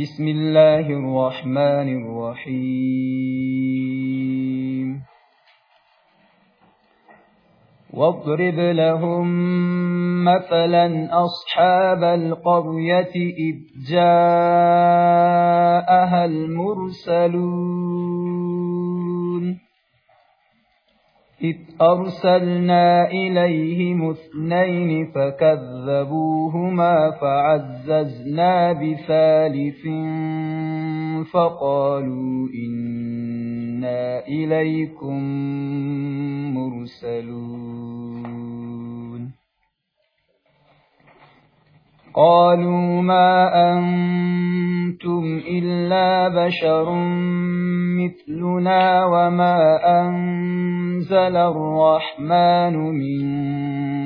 بسم الله الرحمن الرحيم واضرب لهم مثلا أصحاب القرية إذ جاءها المرسلون إذ أرسلنا إليهم اثنين فكذبوهما فعززنا بثالث فقالوا إنا إليكم مرسلون قالوا ما أنتم إلا بشر مثلنا وما أنزل الرحمن من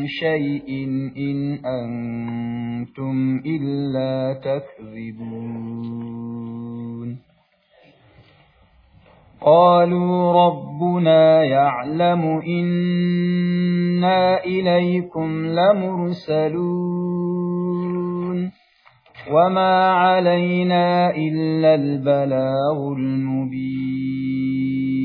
شيء إن أنتم إلا تكذبون قالوا ربنا يعلم إنا إليكم لمرسلون وما علينا إلا البلاغ المبين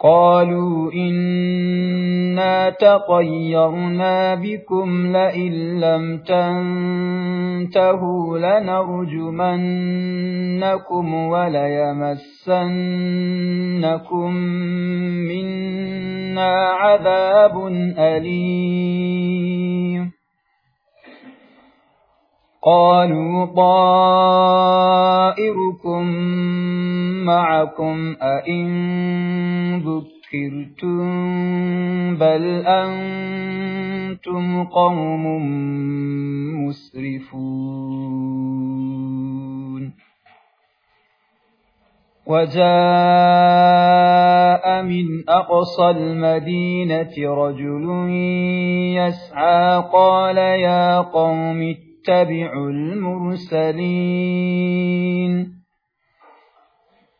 قالوا إنا تطيرنا بكم لئن لم تنتهوا لنرجمنكم وليمسنكم منا عذاب أليم قالوا طائركم معكم أئن ذكرتم بل أنتم قوم مسرفون وجاء من أقصى المدينة رجل يسعى قال يا قوم اتبعوا المرسلين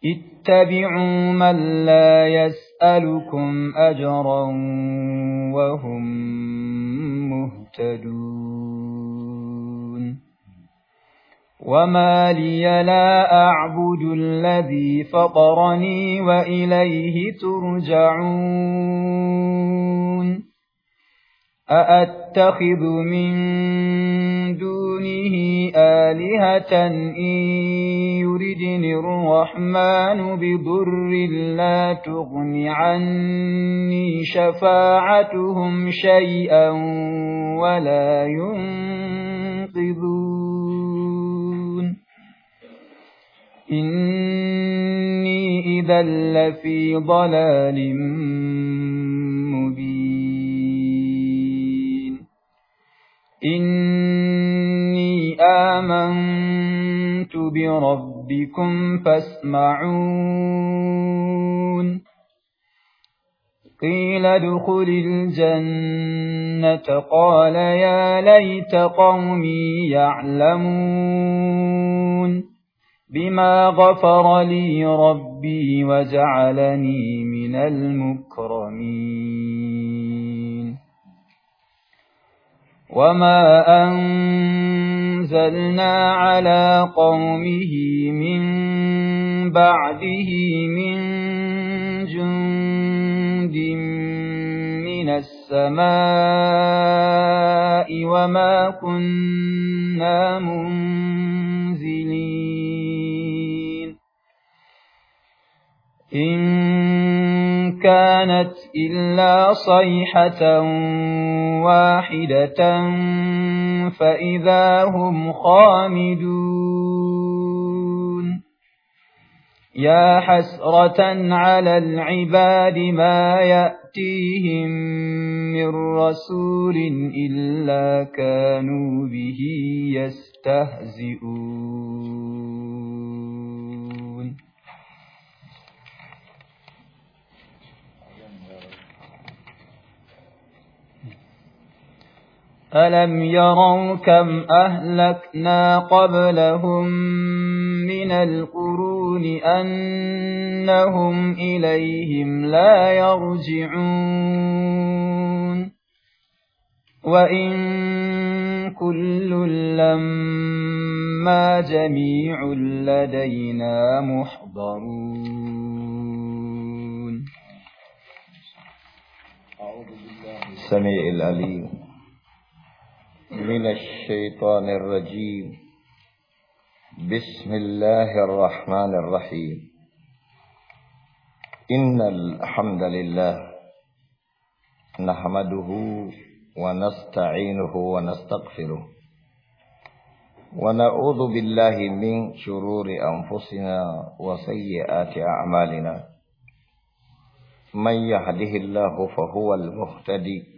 اتبعوا من لا يسألكم أجرا وهم مهتدون وما لي لا أعبد الذي فطرني وإليه ترجعون أأتخذ من دونه آلهة إن يردني الرحمن بضر لا تغن عني شفاعتهم شيئا ولا ينقذون إني إذا لفي ضلال مبين إني آمنت بربكم فاسمعون قيل ادخل الجنة قال يا ليت قومي يعلمون بما غفر لي ربي وجعلني من المكرمين وما أنزلنا على قومه من بعده من جند من السماء وما كنا منزلين إن كانت إلا صيحة واحدة فإذا هم خامدون يا حسرة على العباد ما يأتيهم من رسول إلا كانوا به يستهزئون ألم يروا كم أهلكنا قبلهم من القرون أنهم إليهم لا يرجعون وإن كل لما جميع لدينا محضرون أعوذ بالله السميع العليم من الشيطان الرجيم بسم الله الرحمن الرحيم إن الحمد لله نحمده ونستعينه ونستغفره ونعوذ بالله من شرور أنفسنا وسيئات أعمالنا من يهده الله فهو المهتدي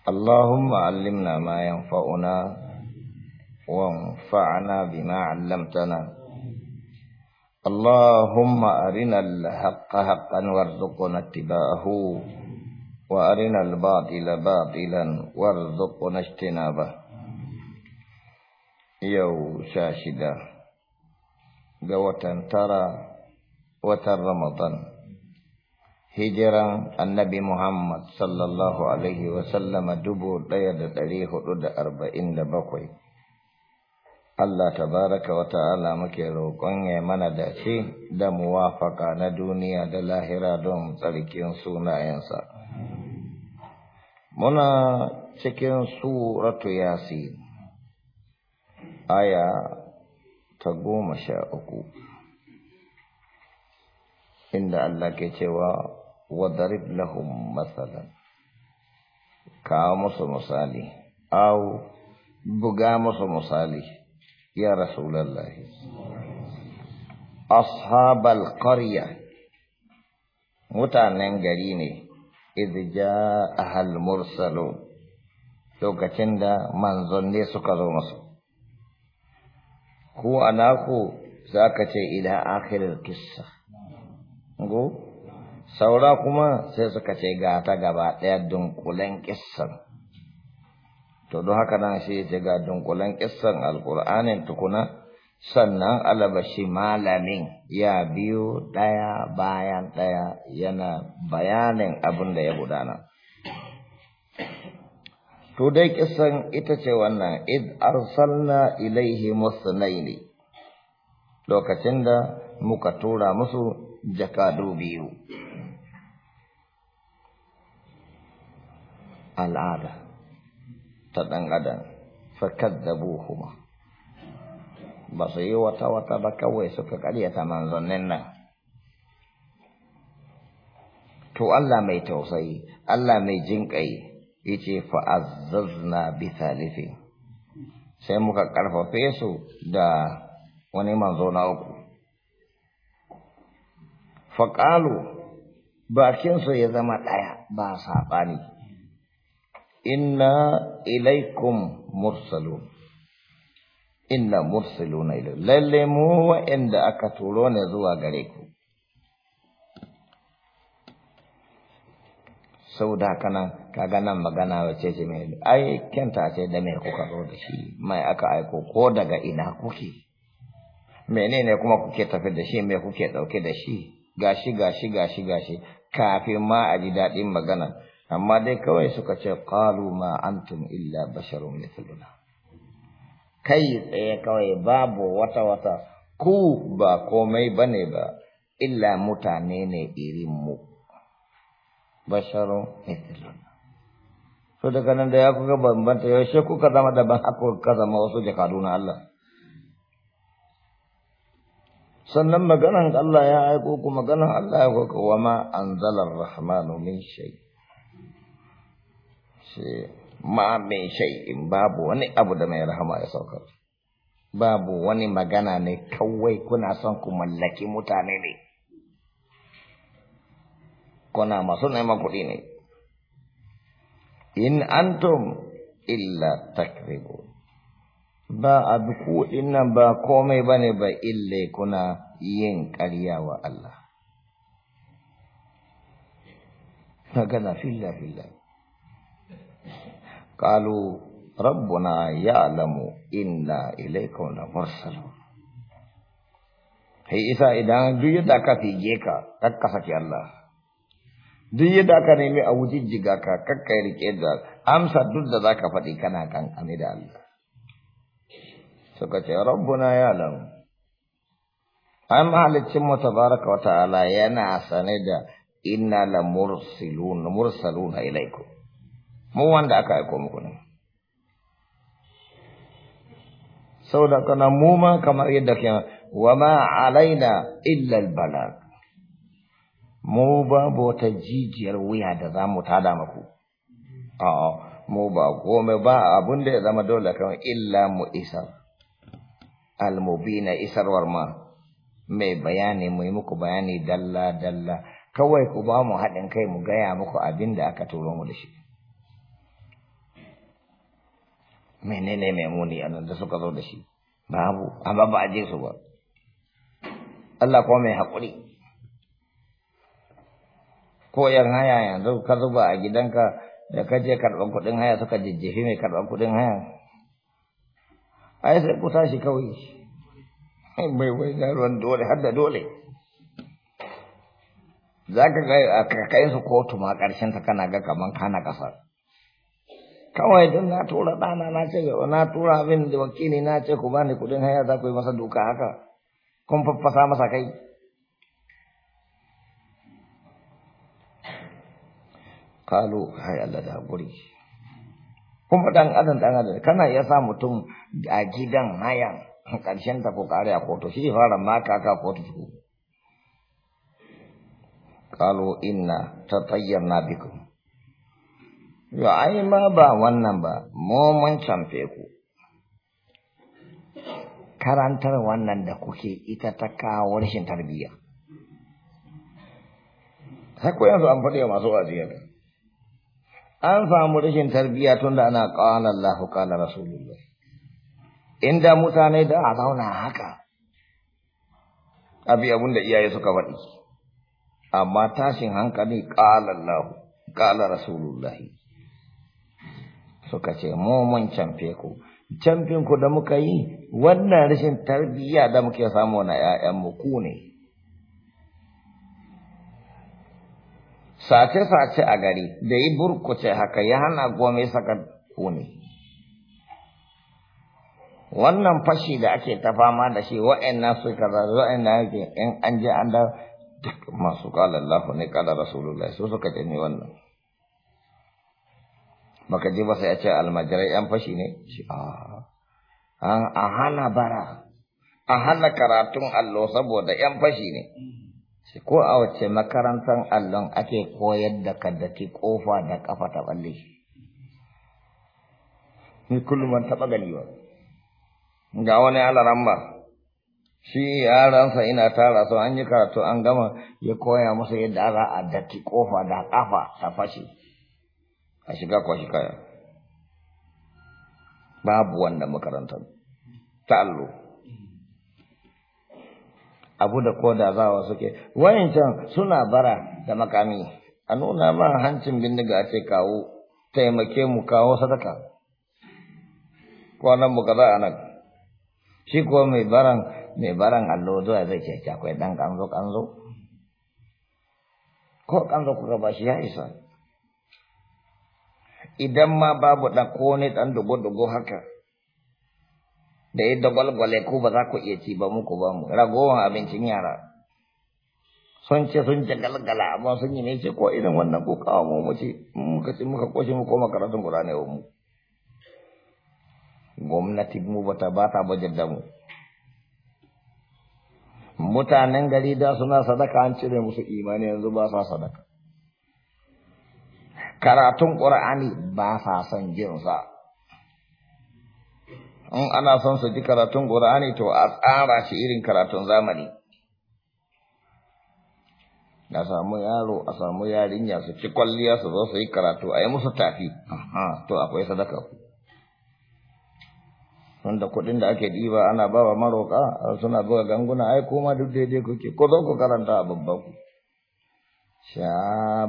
اللهم علمنا ما ينفعنا وانفعنا بما علمتنا اللهم أرنا الحق حقا وارزقنا اتباعه وأرنا الباطل باطلا وارزقنا اجتنابه يو شاشدا ga watan tara watan ramadan hijiran annabi Muhammad sallallahu Alaihi wasallam dubu ɗaya da ɗari hudu da arba'in da bakwai. Allah baraka wa ta'ala muke roƙon ya mana dace da muwafaka na duniya da lahira don tsarkin sunayensa. Muna cikin suratu yasi aya ta goma sha uku, inda Allah ke cewa wadarib lahum masalan kawo musu misali au buga musu misali ya rasu rasulallahi ashabal qarya mutanen gari ne izja ahal mursalu lokacin da manzonni suka zo musu ku anaku zaka ce ila akhirul kissa ngo saura kuma sai suka ce ga ta gaba ɗaya dunkulen ƙissan to don haka nan sai ya ce ga dunkulen ƙissan alƙul'anin tukuna sannan alabashi malamin ya biyu ɗaya bayan ɗaya yana bayanin abin da ya gudana to dai kisan ita ce wannan id arsalna ilaihi musnaini lokacin da muka tura musu jakadu biyu al'ada ta ɗan adam fakaddabuhuma ba su yi wata wata ba kawai suka ƙaryata manzannin nan to Allah mai tausayi Allah mai jinƙai yace fa'azzazna bi thalithin sai muka ƙarfafe su da wani manzo na uku faƙalu bakinsu ya zama ɗaya ba saɓani inna ilaikum mursalun inna mursalun ila lalle mu wa'anda aka turo ne zuwa gare ku kana kaga nan magana wace ce mai ai kenta ce da me kuka zo da shi mai aka aiko ko daga ina kuke menene kuma kuke tafi da shi me kuke dauke da shi gashi gashi gashi gashi kafin ma a ji daɗin magana amma dai kawai suka ce qalu ma antum illa basharun mithluna kai tsaye kawai babu wata wata ku ba komai bane ba illa mutane ne irin mu basharun mithluna so daga nan da ya kuka bambanta yaushe kuka zama daban haka kuka zama wasu jakadu na Allah sannan maganan Allah ya aiko ku maganan Allah ya aiko wa ma anzalar rahmanu min shai. ma min shay'in babu wani abu da mai rahama ya saukar babu wani magana ne kawai kuna son ku mallaki mutane ne kuna masu neman kuɗi ne in antum illa takribu ba a kuɗin nan ba komai ba ne ba ille kuna yin ƙarya wa Allah magana filla filla قالوا ربنا يعلم إنا إليكم لمرسلون sai isa idan duk yadda aka fige ka kakka saki Allah duk yadda aka nemi a wuji jiga ka kakka rike da amsa duk da zaka faɗi kana kankane da Allah suka ce rabbuna ya lamu an halicin mu tabaraka wa ta'ala yana sane da inna la mursaluna mursaluna ilaikum mu wanda aka aiko muku ne saboda kana mu ma kamar yadda ke wa ma alaina illa albalag mu babu wata jijiyar wuya da zamu mu tada muku a'a mu ba komai ba abun da ya zama dole kan illa mu isar almubina isarwar ma mai bayani mu yi muku bayani dalla dalla kawai ku ba mu haɗin kai mu gaya muku abin da aka turo mu da shi menene mai muni nan da suka zo da shi babu amma ba a je su ba Allah kuma mai haƙuri ko yan haya yanzu ka zuba a gidanka da ka je karɓar kuɗin haya suka jijjifi mai karɓar kuɗin haya ai sai kusa shi kawai mai wai ruwan dole har da dole za ka kai su kotu ma ƙarshen ta kana ga kaman kana ƙasar kawai don na tura ɗana na ce gaba na tura abin da wakili na ce ku bani kuɗin haya za ku yi masa duka haka kun faffasa masa kai kalu hai Allah da guri kuma dan adam dan adam kana iya sa mutum a gidan hayan karshen ta ko kare a kotu shi fara maka ka kotu su kalu inna tatayyarna bikum Yo ai ma ba wannan ba, mu mun canfe ku. Karantar wannan da kuke ita ta kawo rashin tarbiyya. Sai ko yanzu an faɗi masu wajiyar. An samu rashin tarbiyya tun da ana ƙala Allahu ƙala Rasulullah. Inda mutane da a zauna haka, abi abin da iyaye suka faɗi. Amma tashin hankali ƙala Allahu, ƙala Rasulullahi. suka ce mu mun canfe ku canfin ku da muka yi wannan rashin tarbiyya da muke samu na ƴaƴanmu ku ne sace-sace a gari da yi burkuce haka ya hana gome saka ku ne wannan fashi da ake ta fama da shi wa'annan su kaza wa'annan yake in an je an da masu kala Allah ne kala Rasulullah su suka ce ni wannan Maka dia bahasa sai al ce yang yan fashi ne a hana bara a hana karatun allo saboda yan fashi ne ko a wace makarantar allon ake koyar da kaddaki kofa da kafa ta balle ni kullum ban taɓa gani ba ga wani ba. shi yaransa ina tara so an yi karatu an gama ya koya musu yadda za a daki kofa da kafa ta fashe a shiga kwashi kaya babu wanda makaranta ta allo abu da koda za zawa suke wayancan suna bara da makami a nuna ma hancin bindiga a ce kawo taimake mu kawo sadaka kwanan mu kaza a nan shi kuwa mai baran mai baran allo zuwa zai ce akwai dan kanzo kanzo ko kanzo kuka ba shi ya isa idan ma babu ɗan ko ne ɗan dugo-dugo haka da ya dagwalgwale ku ba za ku iya ci ba muku ba mu ragowar abincin yara sun ce sun ce galgala amma sun yi ne ce ko irin wannan ko kawo mu mu ce muka ci muka koshi mu koma karatun Qur'ani wa mu gwamnati mu bata ba ta bajar da mu mutanen gari da suna sadaka an cire musu imani yanzu ba sa sadaka karatun ƙur'ani ba sa son jinsa in ana son su ji karatun ƙura'ani to a tsara shi irin karatun zamani na samu yaro a samu yarinya su ci kwalliya su zo su yi karatu a yi musu tafi to akwai sadaka wanda kuɗin da ake ɗiba ana bawa wa maroƙa suna buga ganguna ai kuma duk daidai kuke ko zo ku karanta a babban sha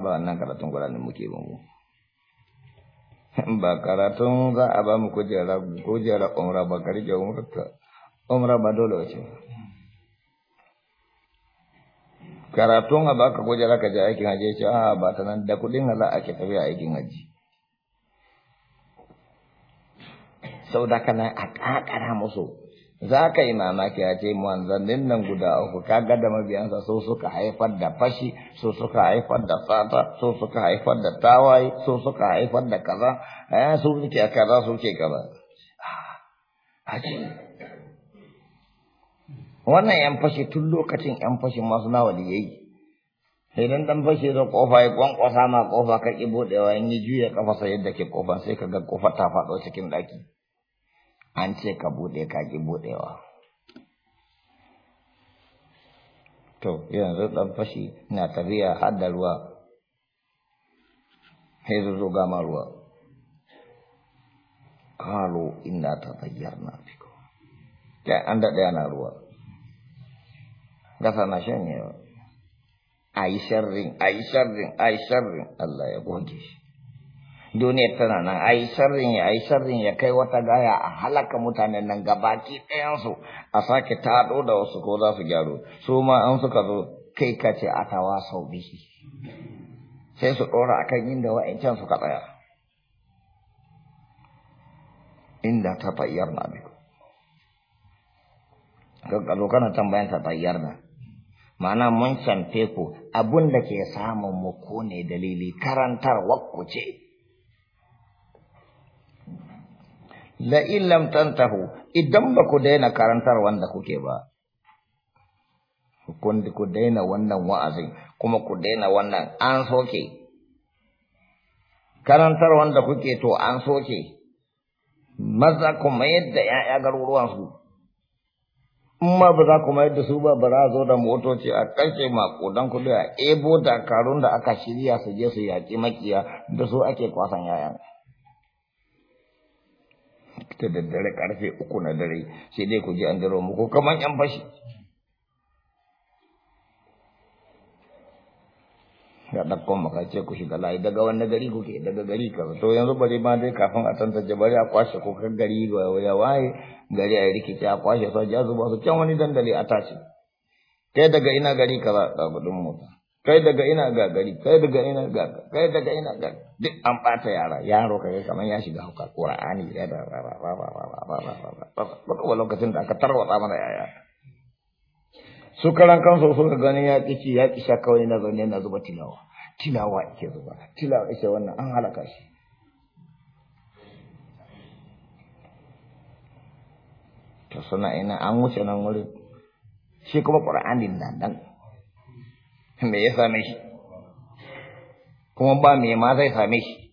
kala nan karatun muke ba mu ba za a ba mu kujera kujera umra ba ka rike umra karatun a baka ka je aikin haji ce a ba ta nan da kudin za a ke tafiya aikin haji sau da kana a kakara musu za ka yi mamaki a ce manzannin nan guda uku kaga da mabiyansa so suka haifar da fashi so suka haifar da fata so suka haifar da tawaye so suka haifar da kaza eh su suke kaza su ke kaza ah, wannan yan fashi tun lokacin yan fashi masu na waliyai sai dan dan fashi da kofa ya kwankwasa ma kofa ka ki budewa in yi juya kafa sai yadda ke kofa sai ka ga kofa ta faɗo cikin daki an ce ka buɗe ka ki buɗewa to yanzu ɗan fashi na tafiya har da ruwa sai zo gama ruwa kalo inda ta na fiko kai an daɗe ana ruwa gasa na shanyewa a yi sharrin a yi sharrin a yi sharrin Allah ya goge shi Duniya tana nan a yi sharrin ya a sharrin ya kai wata gaya a halaka mutanen nan gabaki ɗayansu a sake taɗo da wasu ko za su gyaro su ma an suka zo kai ka ce a tawa sau bihi sai su ɗora a kan inda wa'ancan suka tsaya inda ta fayyar na biyu gaggalo kana tambayan ta fayyar na ma'ana mun san teku, abun da ke samun mu ko ne dalili karantar wakku ce la illam tantahu idan ba ku daina karantar wanda kuke ba kun ku daina wannan wa'azin kuma ku daina wannan an soke karantar wanda kuke to an soke maza ku mayar da ‘ya'ya garuruwansu in ma ba za ku mayar da su ba ba za zo da motoci a ƙarshe maƙudan ku a ebo da karun da aka shirya su je su yaƙi makiya da su ake kwasan ‘ya'yan. da daddare karfe uku na dare sai dai ku je an daro muku kamar yan fashi ga ɗakkon makace ku shiga layi daga wani gari kuke daga gari ka to yanzu bari ma dai kafin a tantance bari a kwashe ko kan gari ya waye gari a rikice a kwashe sa ja zuba su can wani dandali a tashi kai daga ina gari za ga gudun mota kai daga ina gagari kai daga ina gagari kai daga ina gagari duk an bata yara yaro kai kamar ya shiga hauka qur'ani da da ba ba ba ba ba ba ba lokacin da aka tarwatsa mana yaya su karan kansu suka gani ya kici ya kisha kawai na zaune na zuba tilawa tilawa yake zuba tilawa yake wannan an halaka shi to suna ina an wuce nan wurin shi kuma qur'anin nan dan me ya same kuma ba me ma zai same shi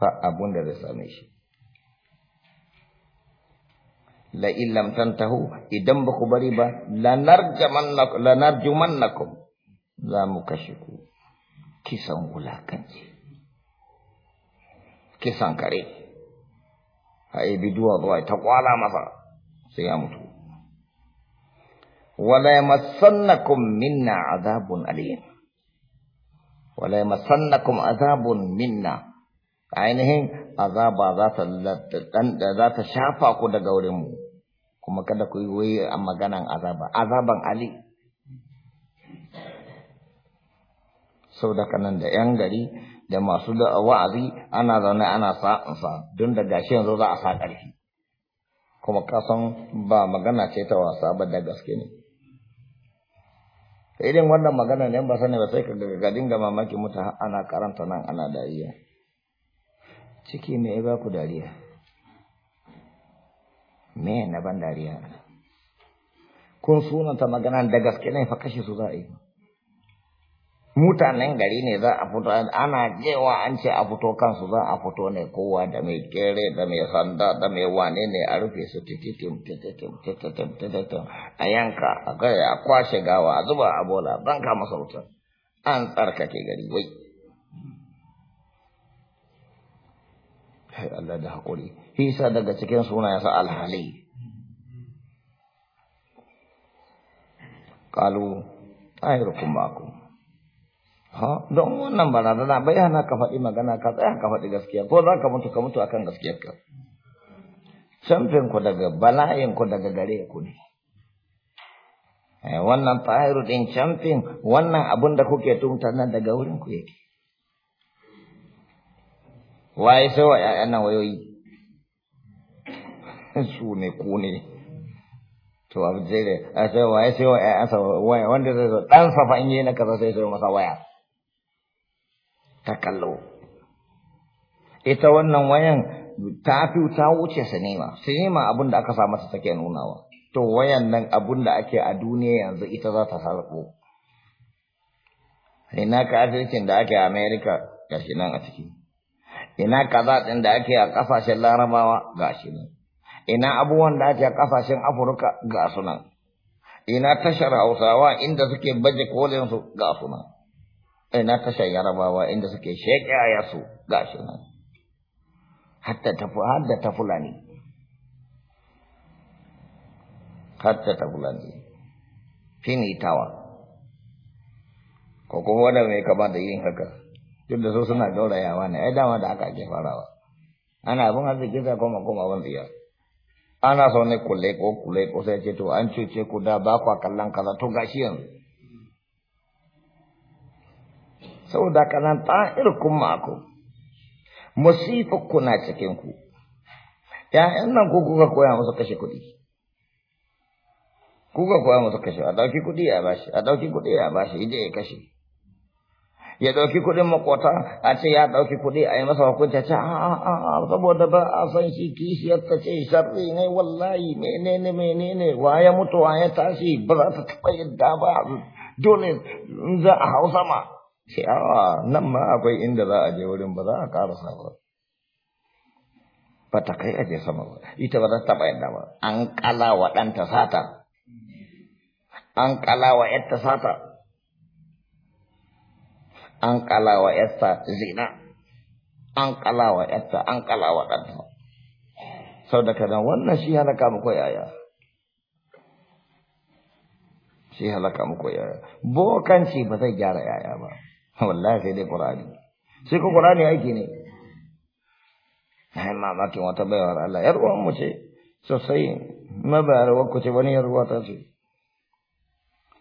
ba abun da zai same shi la illam tantahu idan ba ku bari ba lanarjumannakum lanarjumannakum za mu kashe ku kisan wulakanci kisan kare a ibi duwa zuwa ta kwala masa sai ya mutu wala yamassannakum minna azabun alim wala azabun minna ainihin azaba za ta shafa ku daga wurin mu kuma kada ku yi a maganan azaba azaban ali sau da kanan da yan gari da masu da wa'azi ana zaune ana sa'insa don da gashi yanzu za a sa ƙarfi kuma kasan ba magana ce ta wasa ba da gaske ne irin wannan magana ne ba sani ba sai ka ga dinga mamaki mutu ana karanta nan ana dariya ciki ne ya ba ku dariya me na ban dariya kun sunanta magana da gaske ne fa kashe su za a yi mutanen gari ne za a fito ana cewa an ce a fito kansu za a fito ne kowa da mai kere da mai sanda da mai wane ne a rufe su tititim tititim tititim tititim a yanka a gaya a kwashe gawa a zuba a bola ban kama sautin an tsarkake gari wai Allah da haƙuri hisa daga cikin suna yasa alhali قالوا طائركم معكم Ha, don wannan na bai hana ka faɗi magana eh, ka tsaya ka faɗi gaskiya ko za ka mutu ka mutu akan gaskiyar ka. Camfin ku daga bala'in ku daga eh, eh, gare ku ne. Wannan tahiru ɗin canfin wannan abun da kuke tumta nan daga wurin ku yake. Waye sai wa ‘ya'yan nan wayoyi? Su ne ku ne. To, abu sai waye sai wa ‘ya'yansa wanda zai zo ɗansa fa in yi na kasa sai sai masa waya. ta kallo ita wannan wayan ta fi ta wuce sinima sinima abin da aka sa mata take nunawa to wayan nan abin da ake a duniya yanzu ita za ta sarko ina kafircin da ake a america gashi nan a ciki ina kaza din da ake a kasashen larabawa gashi nan ina abubuwan da ake a kasashen afirka ga nan ina tashar hausawa inda suke baje kolin su ga nan. ina eh, tashar yarabawa inda suke sheƙe a yasu shi nan hatta tafi hatta ta fulani hatta ta fulani tawa. ko kuma wanda mai kama da yin haka duk da su suna yawa ne ai dama da aka ke farawa ana abin arziki sai koma koma ban tsiya ana so ne kule ko kule ko sai ce to an cuce ku da ba kwa kallon kaza to gashi yanzu saboda haka nan mako. ma'akum musifakku na cikin ku ƴaƴan nan ku kuka koya musu kashe kuɗi kuka koya musu kashe a dauki kuɗi a bashi a dauki kuɗi a bashi ije ya kashe ya dauki kuɗin makota a ce ya dauki kuɗi a yi masa hukunta ce a saboda ba a san shi kishiyar ta ce sharri ne wallahi menene menene wa ya mutu wa ya tashi ba za ta taɓa yadda ba dole za a hausa ma. ce awa nan ma akwai inda za a je wurin ba za a karasa ba ba ta kai a je sama ba ita ba za ta bayan ba an kala wa ɗanta sata an kala wa ‘yarta sata an kala wa ta zina an kala wa ‘yarta an kala wa ɗanta sau da kadan wannan shi halaka muku yaya shi halaka muku yaya bokanci ba zai gyara yaya ba wallahi sai dai qur'ani sai ko qur'ani aiki ne ai mamakin wata war Allah yar uwan mu ce sosai mabayar wakku ce wani yar ta ce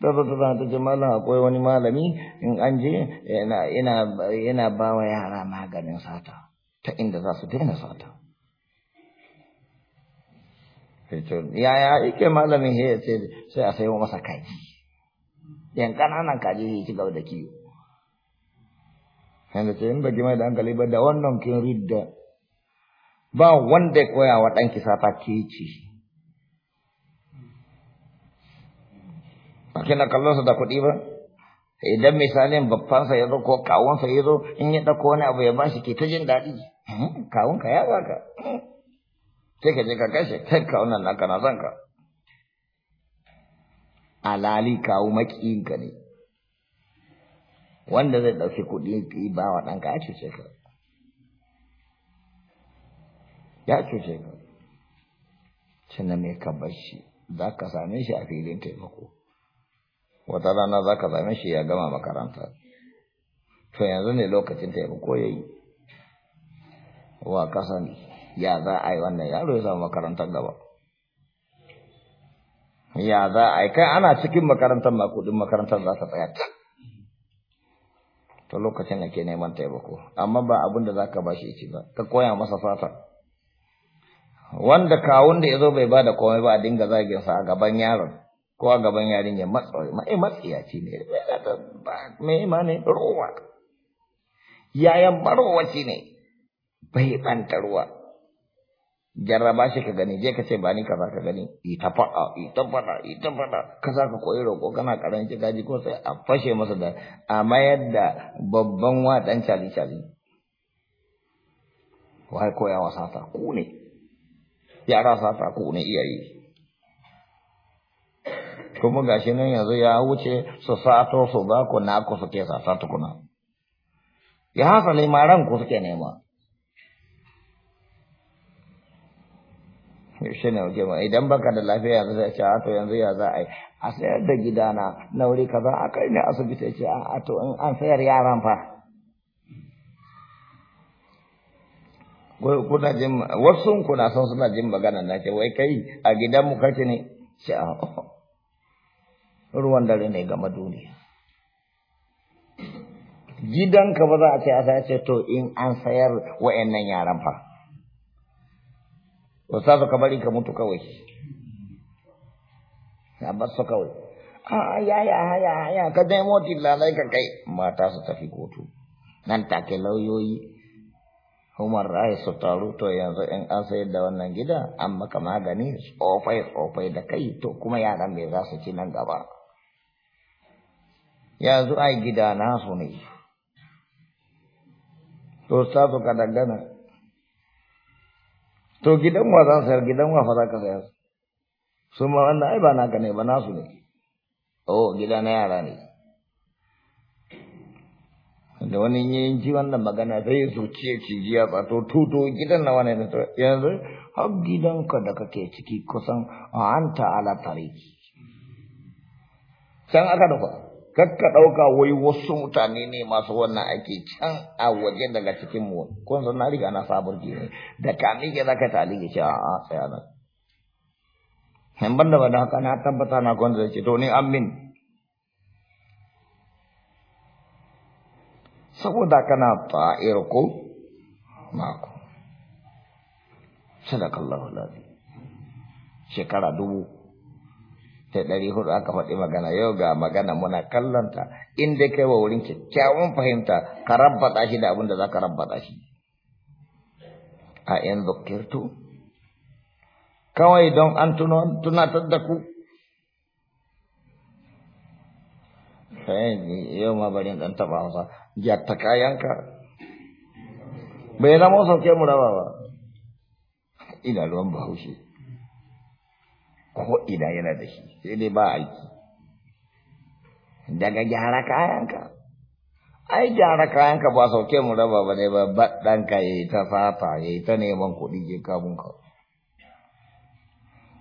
da da ta ce malam akwai wani malami in an je yana ba wa yara maganin sata ta inda za su daina sata yaya yake malamin sai a sayo masa kaji yan ƙananan kaji ci gaba da kiwo Yanzu ce bagaimana baki mai da hankali ba da wannan kin ridda. Ba wanda ya awat wa ɗanki sata ke ce. Ba kina kallon su da kuɗi ba? Idan misalin babbansa ya zo ko kawunsa ya zo in ya ɗauko wani abu ya ba shi ke ta jin daɗi. Kawunka ya baka. Sai ka je ka kashe kai kawunan naka na zanka. Alali kawu maƙiyinka ne. wanda zai ɗauki kuɗi ki ba wa ɗanka ya cuce ka ya cuce ka cinna mai ka bar shi za ka same shi a filin taimako wata rana za ka same shi ya gama makaranta to yanzu ne lokacin taimako ya yi wa kasa ne ya za a yi wannan yaro ya samu makarantar gaba ya za a yi kai ana cikin makarantar ma kuɗin makarantar za ta tsaya to lokacin da ke neman taimako amma ba abin da zaka bashi ce ba ka koya masa fata wanda kawun da ya zo bai bada komai ba a dinga zagin sa a gaban yaron ko a gaban yarin ya eh, matsiya ce ne me ma ne ruwa yayan marowaci ne bai banta ruwa jarraba shi ka gani je ka ce ba ni ka za ka gani ita faɗa ita faɗa ita faɗa ka za ka koyi roƙo kana karanci gaji ko sai a fashe masa da a mayar da babban waɗan cali cali wai koyawa sata ku ne yara sata ku ne iyaye kuma gashi nan yanzu ya wuce su sato su ba ku na ku suke sata tukuna ya hasali ma ran ku suke nema yaushe ne wajen mai idan baka da lafiya yanzu sai ce a to yanzu ya za a yi a sayar da gidana na wuri kaza a kai ne asibiti ce a to in an sayar yaran fa kuna jin wasu kuna son suna jin magana na ce wai kai a gidan mu kake ne ce a ruwan dare ne game duniya gidanka ba za a ce a sayar to in an sayar wa'annan yaran fa Ustazu ka bari ka mutu kawai. Ya bar su kawai. A ya ya ya ya ka dai moti lalai ka kai mata su tafi kotu. Nan take lauyoyi Umar Rai su taru to yanzu in an sayar da wannan gida an maka magani tsofai tsofai da kai to kuma yaran me za su ci nan gaba. Yanzu ai gida nasu ne. To sa su ka dangana to gidan wa za sayar gidan wa fa za ka sayar su ma wannan ai ba naka ne ba nasu ne oh gida na yara ne da wani yin ji wannan magana zai zo ciye cijiya ba to tuto gidan na wani da yanzu har gidanka da kake ciki kusan an ta'ala tariki can aka da kwa kakka ɗauka wai wasu mutane ne masu wannan ake can a waje daga cikin mu kun san na riga na sabar ne da ka miƙe zaka tali ke cewa a tsaya nan in ban da bada haka na tabbata na gwanda da ce to ni amin saboda kana ta'ir ko mako sadakallahu lafi shekara dubu sai ɗari hudu aka faɗi magana yau ga magana muna kallonta in dai kai wa wurin kyakkyawan fahimta ka rabbaɗa shi da abin da za ka rabbaɗa shi a in zokirtu kawai don an tunatar da ku eh, yau ma bari ɗan taɓa hausa gyatta kayanka bai zama sauke mu raba ba ina ruwan bahaushe ko ina yana da shi sai dai ba aiki daga gyara kayanka ai gyara kayanka ba sauke mu raba ba ne ba baɗanka ya yi ta fata ya yi ta neman kuɗi kamun ka,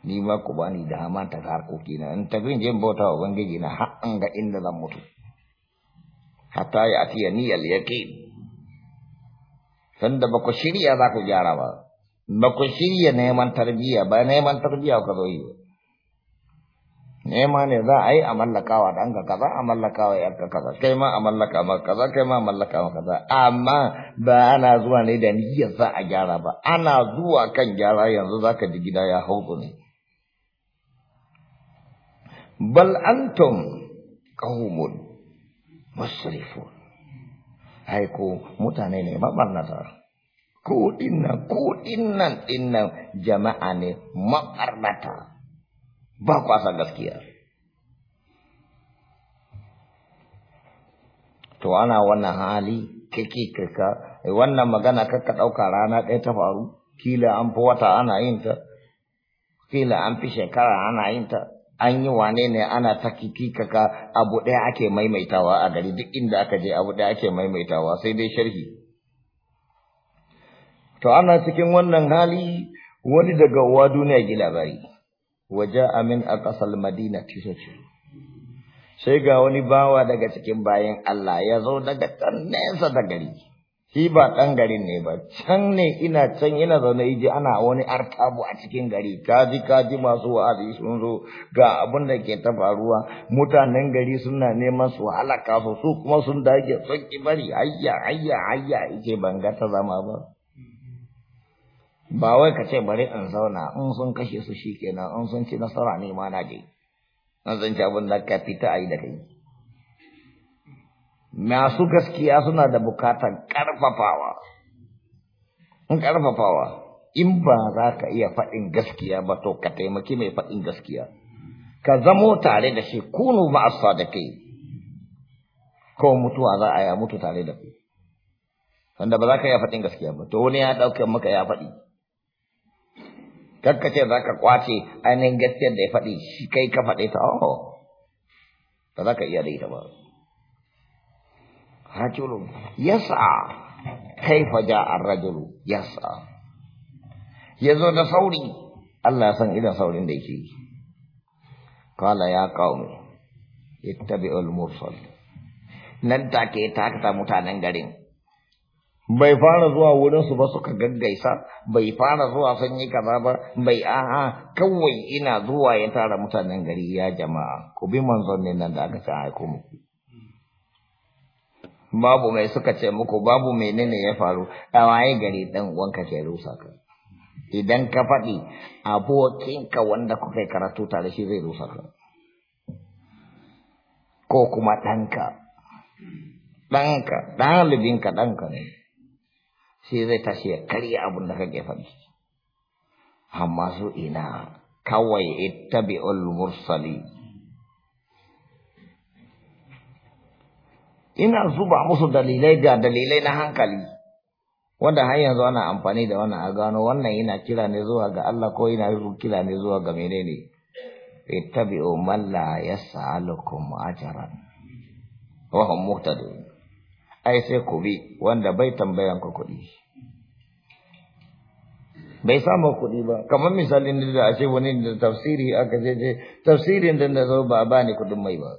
ni ma ku ba ni dama ta harkoki na in tafi jin bauta wa ubangiji na har an ga inda zan mutu hatta ya atiya niyyal yaqin sanda ba ku shirya za ku gyara ba ba ku shirya neman tarbiyya ba neman tarbiyya ka zo yi ba nema ne za a yi a mallakawa dan ka kaza a mallakawa yar ka kaza kai ma a mallaka ma kaza kai ma a mallaka ma kaza amma ba ana zuwa ne da niyyar za a gyara ba ana zuwa kan gyara yanzu zaka ji gida ya hau ne bal antum qaumun musrifun ai ko mutane ne mabarnata ko dinnan ko dinnan dinnan jama'a ne mabarnata ba kwasa gaskiya to ana wannan hali kake kaka wannan magana kakka ɗauka rana ɗaya ta faru kila an fi wata ana yin kila an fi shekara ana yin ta yi ana ta kikikaka abu ɗaya ake maimaitawa a gari duk inda aka je abu ɗaya ake maimaitawa sai dai sharhi to ana cikin wannan hali wani daga uwa duniya ji labari amin a ƙasar aqsal ce sai ga wani bawa daga cikin bayan Allah ya zo daga can nesa da gari shi ba ɗan garin ne ba can ne ina can ina zaune iji ana wani artabu a cikin gari kaji kaji masu wa'azi sun zo ga abin da ke ta faruwa mutanen gari suna neman su halaka su su kuma sun dage sun ki bari hayya hayya hayya Ike ban ga ta zama ba ba wai ka ce bari in zauna in sun kashe su shi kenan in sun ci nasara ne ma na je in sun ci abin da ka fita a yi da kai masu gaskiya suna da bukatar karfafawa in karfafawa in ba za ka iya faɗin gaskiya ba to ka taimaki mai faɗin gaskiya ka zamo tare da shi kunu ma'asa da kai ko mutuwa za a yi mutu tare da kai. wanda ba za ka iya faɗin gaskiya ba to wani ya ɗauke maka ya faɗi kakkace za ka kwace ainihin gaskiyar da ya faɗi shi kai ka faɗe ta oh ba za ka iya da ita ba ya yasa kaifa faja a rajulu yasa zo da sauri Allah san idan saurin da yake kala ya Ita ittabi'ul mursal nan take ta mutanen garin bai fara zuwa wurinsu ba suka gaggaisa bai fara zuwa sun yi kaza ba bai a'a kawai ina zuwa ya tara mutanen gari ya jama'a ku bi manzannin nan da aka ce aiko muku babu mai suka ce muku babu menene ya faru a waye gari dan wanka ke rusa ka idan ka faɗi abokinka wanda kuka karatu tare shi zai rusa ka ko kuma ɗanka ɗanka ɗalibinka ɗanka ne sai zai tashi ya karya abin da kake faɗi amma su ina kawai ittabi'ul mursali ina zuba musu dalilai ga dalilai na hankali wanda har yanzu ana amfani da wannan a gano wannan yana kira ne zuwa ga Allah ko yana kira ne zuwa ga menene ittabi'u man la yas'alukum ajran wa hum muhtadun ai sai ku bi wanda bai tambayan ku kuɗi bai samu kuɗi ba kamar misalin da a ce wani da tafsiri aka ce ce tafsirin da zo ba a bani kuɗin mai ba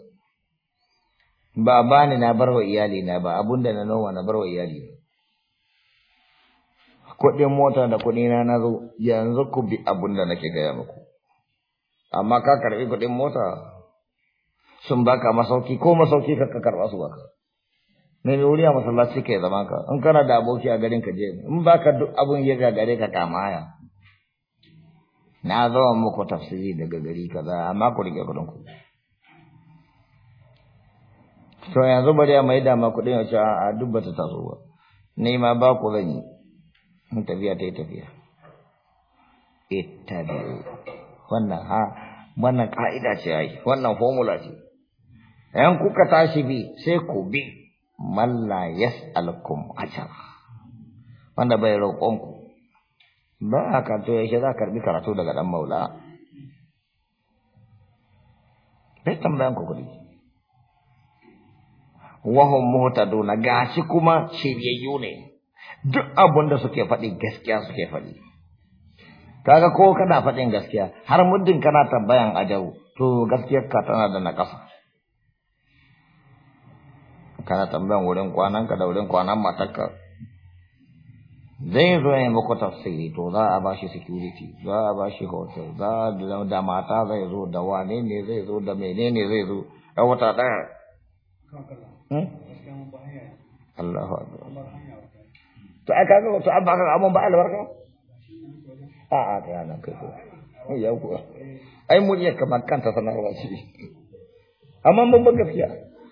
ba a bani na barwa iyali na ba abunda na noma na barwa iyali na kuɗin mota da kuɗina na na zo yanzu ku bi abunda nake gaya muku amma ka karɓi kuɗin mota sun baka masauki ko masauki ka karɓa su baka nemi wuri a masallaci ke zama ka in kana da aboki a garin ka je in baka duk abun ya gagare ka kama ya na zo muku tafsiri daga gari kaza amma ku rike kudin ku to yanzu bari a mai dama kudin ya ce a duk bata taso ba ni ma ba ku zan yi in tafiya ta yi tafiya ita biyu wannan ha wannan ka'ida ce ai wannan fomula ce yan kuka bi sai ku bi malla yas'alukum ajra wanda bai roƙon ku ba ka to shi za karbi karatu daga dan maula bai tambayan ku kudi wahum muhtaduna gashi kuma shiryayyu ne duk abin da suke faɗi gaskiya suke faɗi kaga ko kana faɗin gaskiya har muddin kana tambayan ajau to gaskiyar ka tana da kasa kana tambayan wurin kwananka da wurin kwanan matarka zai zo ya muku tafsiri to za a bashi security za a bashi hotel za da mata zai zo da wane ne zai zo da menene zai zo a wata ɗaya Allahu akbar to ai kaga to an baka amon ba albarka a a kai nan kai ko ya ku ai mun iya kamar kanta sanarwa shi amma mun ba gaskiya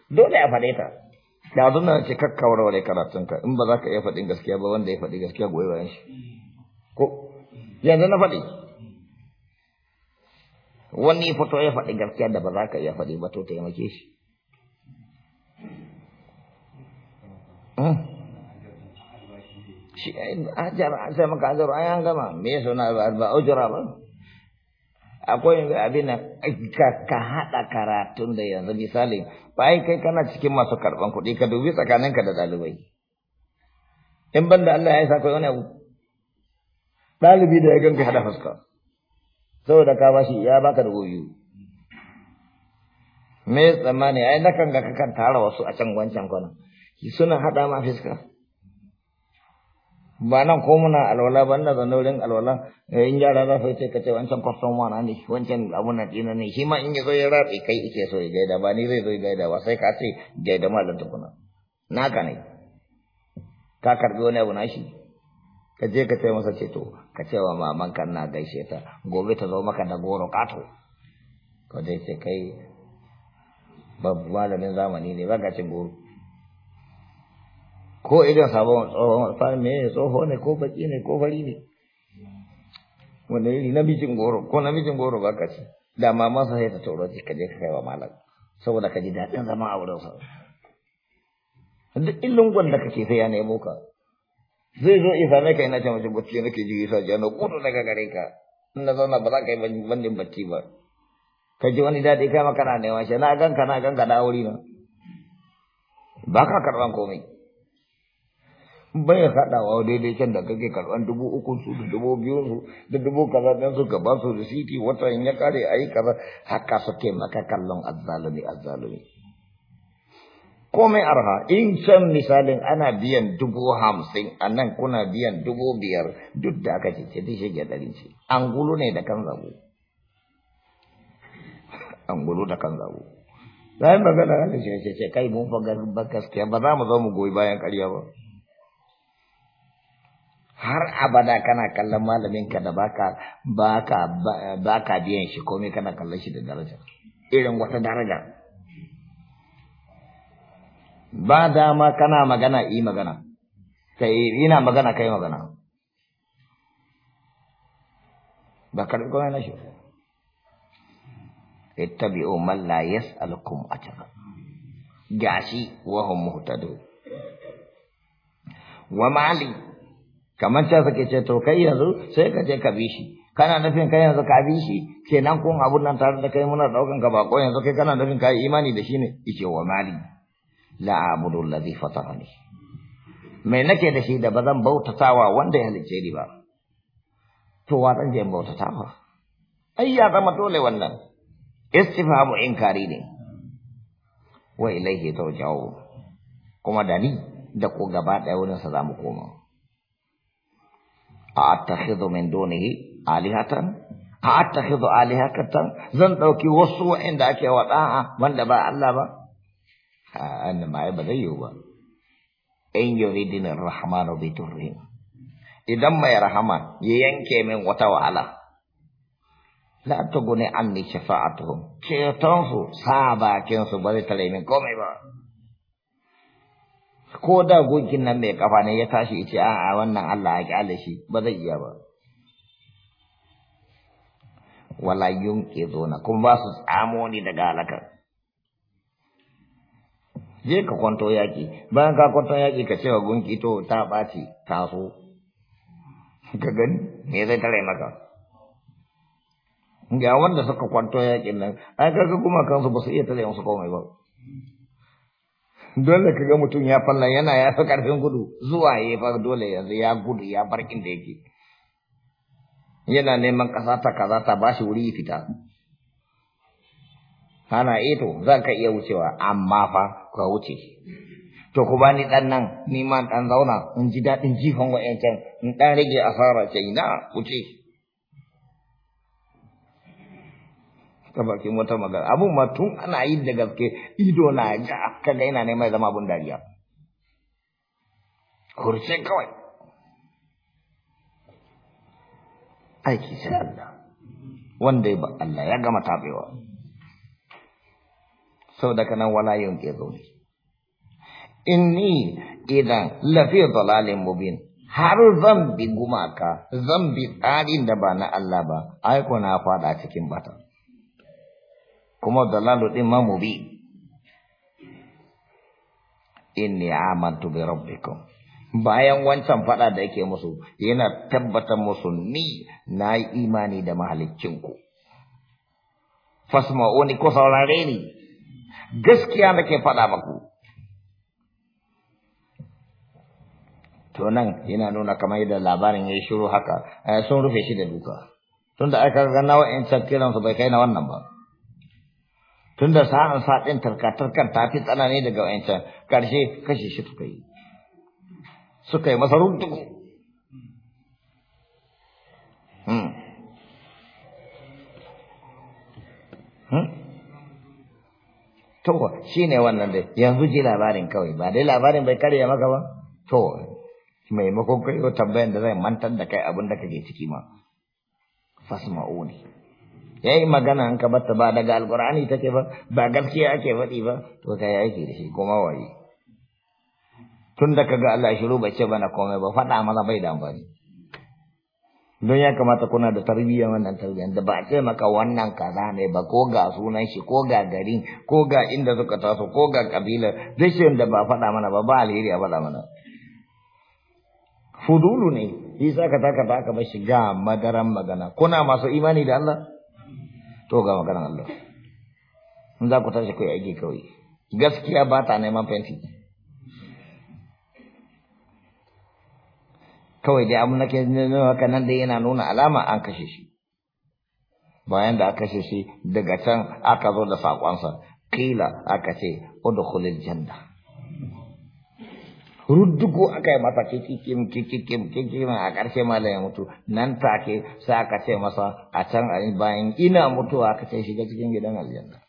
dole a faɗe ta da abin da ce kakka warware karatunka in ba za ka iya faɗin gaskiya ba wanda ya faɗi gaskiya goyi bayan shi ko yanzu na faɗi wani fito ya faɗi gaskiya da ba za ka iya faɗi ba to taimake shi hmm? shi a sai maka ajar ayan gama me suna ba ujura ba akwai abin da ka haɗa karatun da yanzu misali bayan kai kana cikin masu karɓan kuɗi ka dubi tsakaninka da ɗalibai in banda Allah ya yi sakwai wani abu ɗalibi da ya ganka haɗa fuska saboda ka bashi ya baka da goyo me tsammani ai na kanka ga kakan tara wasu a can wancan kwana suna haɗa ma fuska ba nan ko muna alwala ba na zanen wurin alwala eh, in yara za su ce ka ce wancan kwaston wana ne wancan abun ɗina ne shi ma in ya zo ya ratse kai ike so ya gaida ba ni zai zo ya gaida ba sai ka ce gaida malam tukuna naka ne ka karbi wani abu na shi ka je ka ce masa ce to ka ce wa maman kan na gaishe ta gobe ta zo maka da goro kato ka dai ce kai babu malamin zamani ne ba ka cin goro ko idan sabon tsohon fara me tsoho ne ko baki ne ko fari ne wanda iri namijin goro ko namijin goro ba ka ci da mama sa sai ta tsoro ce ka je ka kai wa malam saboda ka ji daɗin zama a wurin sa duk illin gwanda kake sai ya nemo ka zai zo isa ne kai na ce mace bacci nake ji isa jano kudu daga gare ka in na zauna ba za ka yi bandin bacci ba ka ji wani daɗi kai makana neman shi na ganka na ganka na wuri na ba ka karɓan komai bai haɗawa daidai can da kake karɓan dubu uku su da dubu biyu su da dubu kaza don su ka ba su da siti wata in ya kare a yi kaza haka ke maka kallon azzalumi azzalumi komai arha in can misalin ana biyan dubu hamsin a nan kuna biyan dubu biyar duk da aka ce ce ta shige ɗari ce angulu ne da kan zabu angulu da kan zabu zai magana da shi ce kai mun fa gaskiya ba za mu zo mu goyi bayan ƙarya ba har abada kana kallon malamin ka da baka baka baka biyan shi komai kana kallon shi da daraja irin wata daraja ba dama kana magana yi magana kai ina magana kai magana ba karbi komai na shi ittabi'u man la yas'alukum ajra gashi wa hum muhtadun wa ma'ali kamar ta sake ce to kai yanzu sai ka je ka bi shi kana nufin kai yanzu ka bi shi kenan kun abun nan tare da kai muna daukan ka bako yanzu kai kana nufin kai imani da shi ne yace wa mali la abudu allazi fatarani me nake da shi da bazan bautatawa wanda ya halice ni ba to wa zan je bautatawa ai ya zama dole wannan istifhamu inkari ne wa ilaihi turja'u kuma da ni da ko gaba ɗaya wurin sa zamu koma أتخذ من دونه آلهة أتخذ آلهة زن دوكي وصو عندك وطاعة من دبا الله با أنا ما يبغيو با إن يريدني الرحمن بضرهم idan mai rahama ya yanke min wata wahala la tuguni anni shafa'atuhum su sa bakin su bari tare min komai ba ko da gunkin nan mai kafa ne ya tashi ya ce a'a wannan Allah ya kyale shi ba zai iya ba wala zona kuma ba su tsamo ni daga halaka je ka kwanto yaki bayan ka kwanto yaki ka cewa gunki to ta baci taso ka gani me zai tare maka ga wanda suka kwanto yakin nan ai kaga kuma kansu ba su iya tare musu komai ba dole ka ga mutum ya falla yana ya fi karfin gudu zuwa ya fa dole yanzu ya gudu ya bar inda yake yana neman ƙasa ta kaza ta ba shi wuri fita ana ito eh za ka iya wucewa amma fa ka wuce to ku bani dan nan ni ma dan zauna in ji daɗin jifan wa'yancan in ɗan rage asara ce na wuce ta bakin wata magana abun ma tun ana yi da gaske ido na ja kaga ina neman zama abun dariya kurce kawai aiki sai Allah wanda ya ba Allah ya gama tabewa saboda kana wala ke zaune inni idan lafi dalalin mubin har zan bi gumaka zan bi tsarin da ba na Allah ba aiko na fada cikin bata kuma dalalu din ma mubi inni amantu bi rabbikum bayan wancan faɗa da yake musu yana tabbatar musu ni na yi imani da fasma oni ko saurare ni gaskiya nake faɗa maku to nan yana nuna kamar yadda labarin ya yi shiru haka eh, sun rufe shi da duka tunda aka ga nawa in kiran su bai kai na wannan ba tunda sa'an sa'in tarkatarkan ta fi tsanani daga wancan karshe kashe shi suka yi suka yi masa runduku hmm. hmm. to shi ne wannan dai yanzu ji labarin kawai ba dai labarin bai karya maka ba to maimakon kai tambayan da zai mantar da kai abin da kake ciki ma fasma'uni yayi magana an ta ba daga alkur'ani take ba ba gaskiya ake faɗi ba to ka yi aiki da shi kuma waye tun da kaga Allah shiru ba ce bana komai ba faɗa mana bai da amfani don ya kamata kuna da tarbiyya wannan tarbiyyar da ba ce maka wannan kaza ne ba ko ga sunan shi ko ga garin ko ga inda suka taso ko ga kabilar duk shi da ba faɗa mana ba ba alheri a faɗa mana fudulu ne yi saka ka taka ba ka ga madaran magana kuna masu imani da Allah to ga maganar Allah Mun za ku tashi ku aiki kawai gaskiya ba ta neman fenti kawai dai abin da ke haka nan dai yana nuna alama an kashe shi bayan da aka kashe shi daga can aka zo da saƙonsa kila aka ce udkhulil janna ruddugu aka yi masa kikikim kikikim kikikim a ƙarshe mala ya mutu nan take sai aka ce masa a can a bayan ina mutuwa aka ce shiga cikin gidan aljanna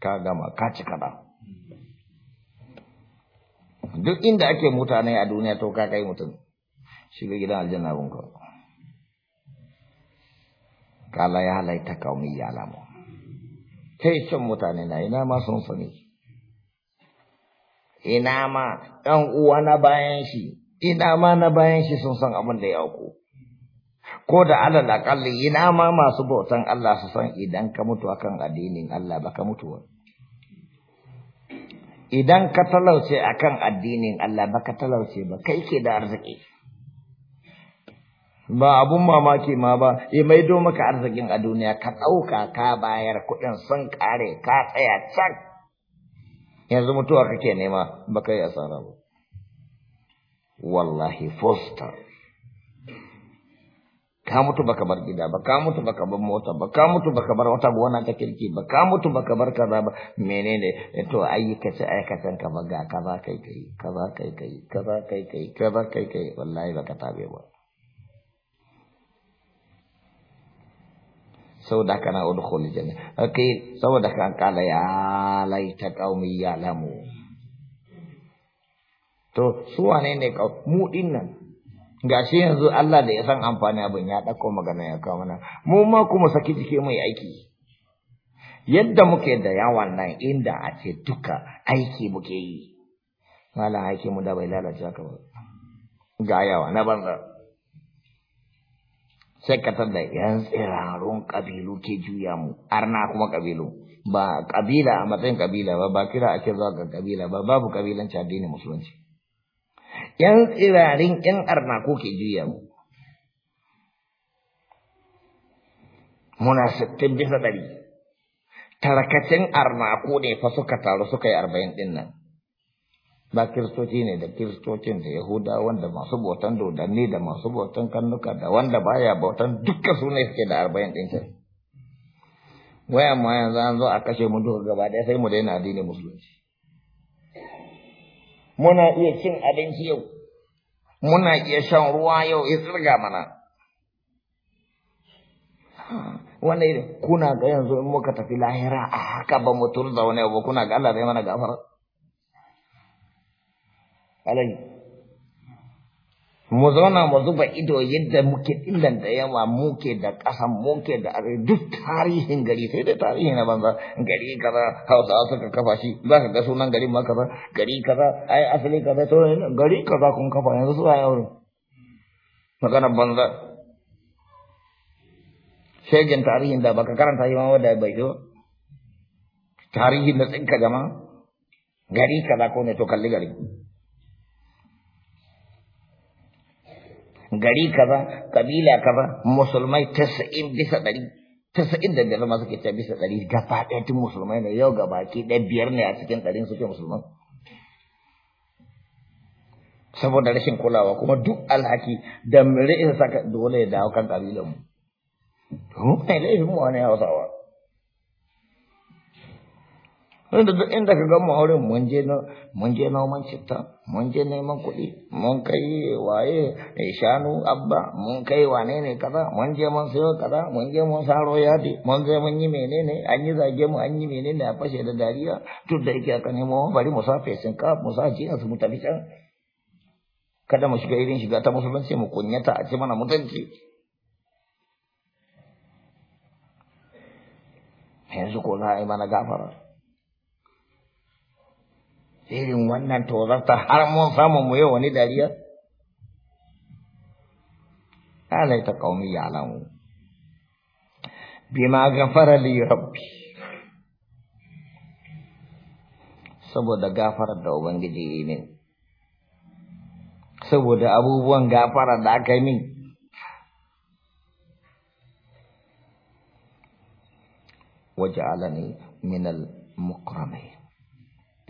ka gama ka ci kaɗa duk inda ake mutane a duniya to ka kai mutum shiga gidan aljanna abin ka kala ya halaita kaumi ya alamu kai son mutane na ina ma sun sani ina ma ɗan uwa na bayan shi ina ma na bayan shi sun san abin da ya auku ko da alal akalli ina ma masu bautan Allah su san idan ka mutu akan addinin Allah ba ka mutu idan ka talauce akan addinin Allah ba ka talauce ba kai ke da arziki ba abun mamaki ma ba ya maido maka arzikin a duniya ka ɗauka ka bayar kuɗin sun ƙare ka tsaya cak yanzu mutuwa kake nema ba kai asara ba wallahi foster ka mutu baka bar gida ba ka mutu baka bar mota ba ka mutu baka bar wata gona ta kirki ba ka mutu baka bar kaza ba menene to ayyuka ce aikatan ka ba ga kaza kai kai kaza kai kai kai kai kaza kai kai wallahi baka tabe ba saboda haka na udkhul janna okay saboda an kala ya laita qaumi ya to su wane ne mu dinnan gashi yanzu Allah da ya san amfani abin ya ɗauko magana ya kawo mana mu ma kuma saki jike mai aiki yadda muke da yawan nan inda a ce duka aiki muke yi malam aiki mu da bai lalace ka ba ga yawa na banza sai ka tada yan tsirarun ƙabilu ke juya mu arna kuma ƙabilu ba ƙabila a matsayin kabila ba ba kira ake zuwa ga ƙabila ba babu cadi ne musulunci yan tsirarin yan arna ko ke juya mu muna sittin bisa ɗari tarkacin arna ko ne fa suka taru suka yi arba'in ɗin ba kiristoci ne da kiristocin da yahuda wanda masu bautan dodanni da masu bautan kannuka da wanda baya bautan dukkan su ne suke da arba'in ɗin waya ma yanzu an zo a kashe mu duka gaba ɗaya sai mu daina addinin musulunci muna iya cin abinci yau muna iya shan ruwa yau ya tsirga mana Wani kuna ga yanzu in muka tafi lahira a haka ba mu turza wani abu kuna ga Allah zai mana gafara alayi mu zauna mu zuba ido yadda muke dillan da yawa muke da ƙasan muke da are duk tarihin gari sai da tarihi na banza gari kaza hausa suka kafa shi za ka ga sunan gari ma kaza gari kaza ai asali kaza to gari kaza kun kafa yanzu su ayi aure magana banza shegen tarihin da baka karanta yi ma wanda bai zo tarihin da tsinka jama'a gari kaza ko ne to kalli gari gari kaza kabila kaza musulmai tasa'in bisa ɗari tasa'in da biyar suke ta bisa ɗari gaba ɗaya tun musulmai ne yau gabaki ɗaya biyar ne a cikin ɗarin suke musulman saboda rashin kulawa kuma duk alhaki da mure isa saka dole ya dawo kan kabilan mu to ne laifin mu ne hausawa da duk inda ka mu aure mun je na mun je noman citta, mun je neman kuɗi, mun kai waye eh, shanu abba, mun kai wane ne kaza, mun je mun sayo kaza, mun je mun saro yadi, mun je mun yi menene, an yi zage mu an yi menene a fashe da dariya, to da yake aka nemo bari mu sa fesin ka, mu sa ji mu Kada mu shiga irin shiga ta musulunci mu kunyata a ce mana mutunci. Yanzu ko za a yi mana gafara. irin wannan tozarta har mun samu mu yau wani dariya alaita ya'lamu bima ghafara li rabbi saboda gafarar da ubangiji yi min saboda abubuwan gafara da aka yi min waja'alani minal muqramin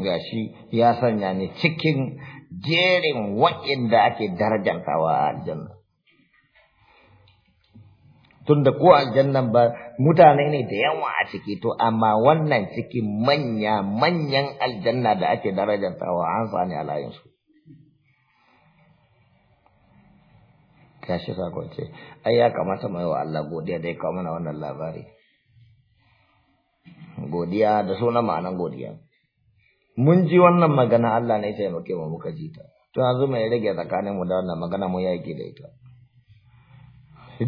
gashi ya sanya ni cikin jerin da ake darajantawa a aljanna tunda ko aljanna ba mutane ne da yawa a ciki to amma wannan cikin manya manyan aljanna da ake darajantawa an sani a layinsu ta shi sakonce ai ya kamata mai wa Allah godiya da ya kawo mana wannan labari godiya da sunan ma'anan godiya mun ji wannan magana Allah ne ya muke mu muka ji ta to yanzu mai rage tsakanin mu da wannan magana mu yaki da ita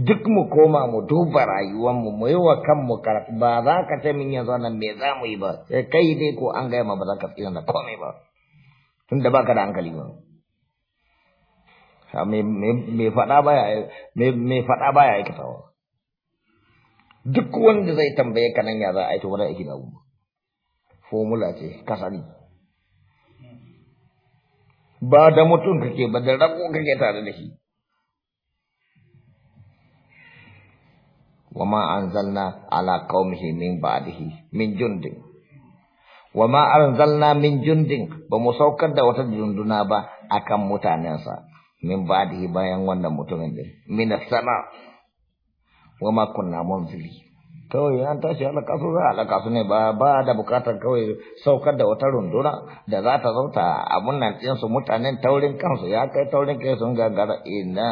duk mu koma mu duba rayuwar mu mu yi wa kanmu karatu ba za ka ce min yanzu nan me za mu yi ba sai kai dai ko an ga ma ba za ka tsira da komai ba tunda baka da hankali ba me faɗa baya me faɗa baya aikatawa duk wanda zai tambaye ka nan ya za a aita wani aiki da formula ce kasari. ba da mutum kake ba da rago kake tare da shi wama anzalna ala qaumihi min ba'dihi min jundin wama anzalna min jundin ba mu saukar da wata junduna ba akan mutanensa min ba'dihi bayan wannan mutumin din min sana wama kunna munzili kawai an tashi ala kasu za a ala kasu ne ba ba da bukatar kawai saukar da wata runduna da za ta zauta abun cikin su mutanen taurin kansu ya kai taurin kai sun gagara ina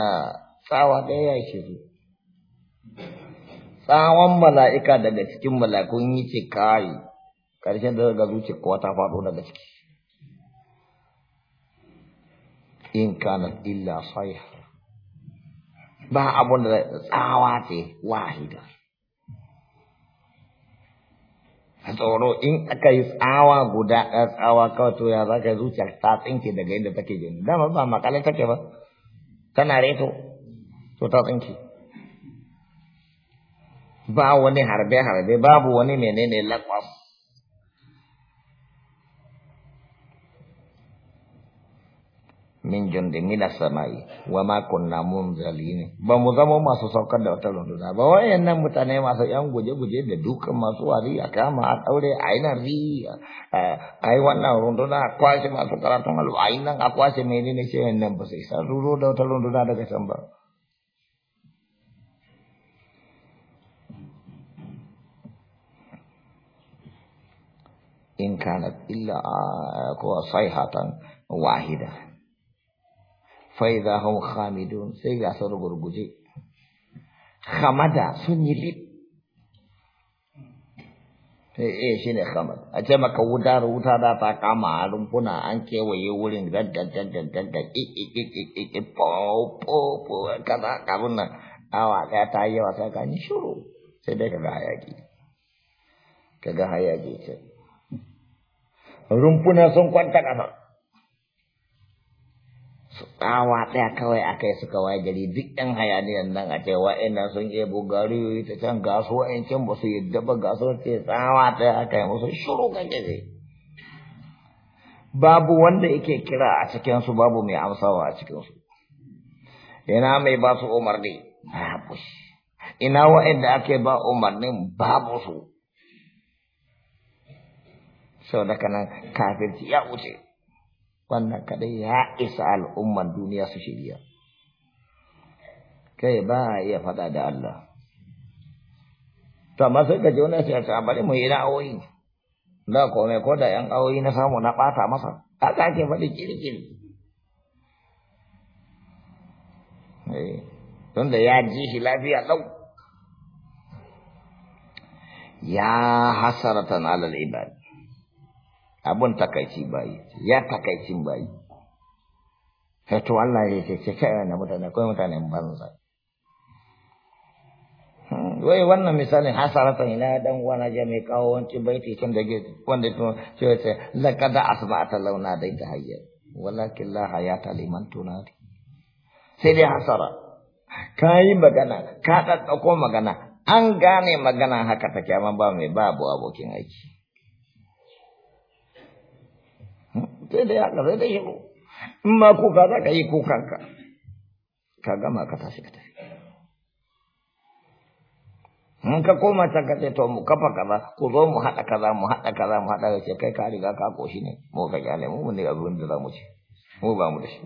tsawa ɗaya ya shi su tsawon mala'ika daga cikin mala'ikun yi ce kai karshen da ga zuci kowa ta faɗo daga ciki in kana illa sayha ba abun da tsawa ce wahida tsoro in aka yi tsawa guda ɗaya eh, tsawa kawai to ya za ka zuciya ta tsinke daga inda take jini dama ba makala take ba tana reto to ta tsinke ba wani harbe harbe babu wani menene lakwas min jundi minas sama'i wa ma kunna munzalin ba mu zama masu saukar da wata runduna ba wayannan mutane masu yan guje-guje da dukan masu wari a kama a daure a ina ri a yi wannan runduna kwashi kwashe masu karatun alu a yi nan a kwashe menene ce wannan ba sai san ruro da wata runduna daga can ba illa eh, ko sai hatan wahida faiza hau khamidun sai ga su rugurguje khamada sun yi lip eh, eh shi ne khamad a ce maka wuta wuta da ta kama a rumfuna an kewaye wurin i i i i po po po kaza kabun nan awa ɗaya ta yi yawa sai ka ni shuru sai dai kaga hayaki kaga hayaki ce rumfuna sun kwanta kama. tsawa ɗaya kawai a kai suka waye gari duk ɗan hayaniyan nan a ce wa'annan sun iya bugari ta can gasu wa'ancan ba su yadda ba gasu ce tsawa ɗaya aka yi musu shuru ga gare babu wanda yake kira a cikinsu babu mai amsawa a cikinsu ina mai ba su umarni babu shi ina wa'anda ake ba umarnin babu su sau da kanan kafirci ya wuce wannan kadai ya isa al'umman duniya su shirya kai ba iya faɗa da Allah Ta amma sai ka ji wani sai ka bari mu yi ra'ayoyi da komai ko da yan awoyi na samu na ɓata masa haka ake faɗi kirkiri tunda eh, ya ji shi lafiya ɗau ya hasaratan alal ibad abun takaici bayi ya takaicin bayi sai to Allah ya ce ce kai na mutane mutane mutanen banza hmm, wai wannan misalin hasaratan ina dan wani je mai kawo wanci baiti tun da ke wanda to ce ce laqad asba'ata launa dai ta hayya walakin la hayata liman tunati sai dai hasara kai magana ka daddako magana an gane magana haka take amma ba mai babu abokin aiki sai da ya kaza da yabo in ma kuka za ka yi kukanka ka gama ka tafi ka tafi in ka koma can ka ce to mu kafa kaza ku zo mu haɗa kaza mu haɗa kaza mu haɗa da ce kai ka riga ka koshi ne mu ka kyale mu ne abin da za mu ci mu ba mu da shi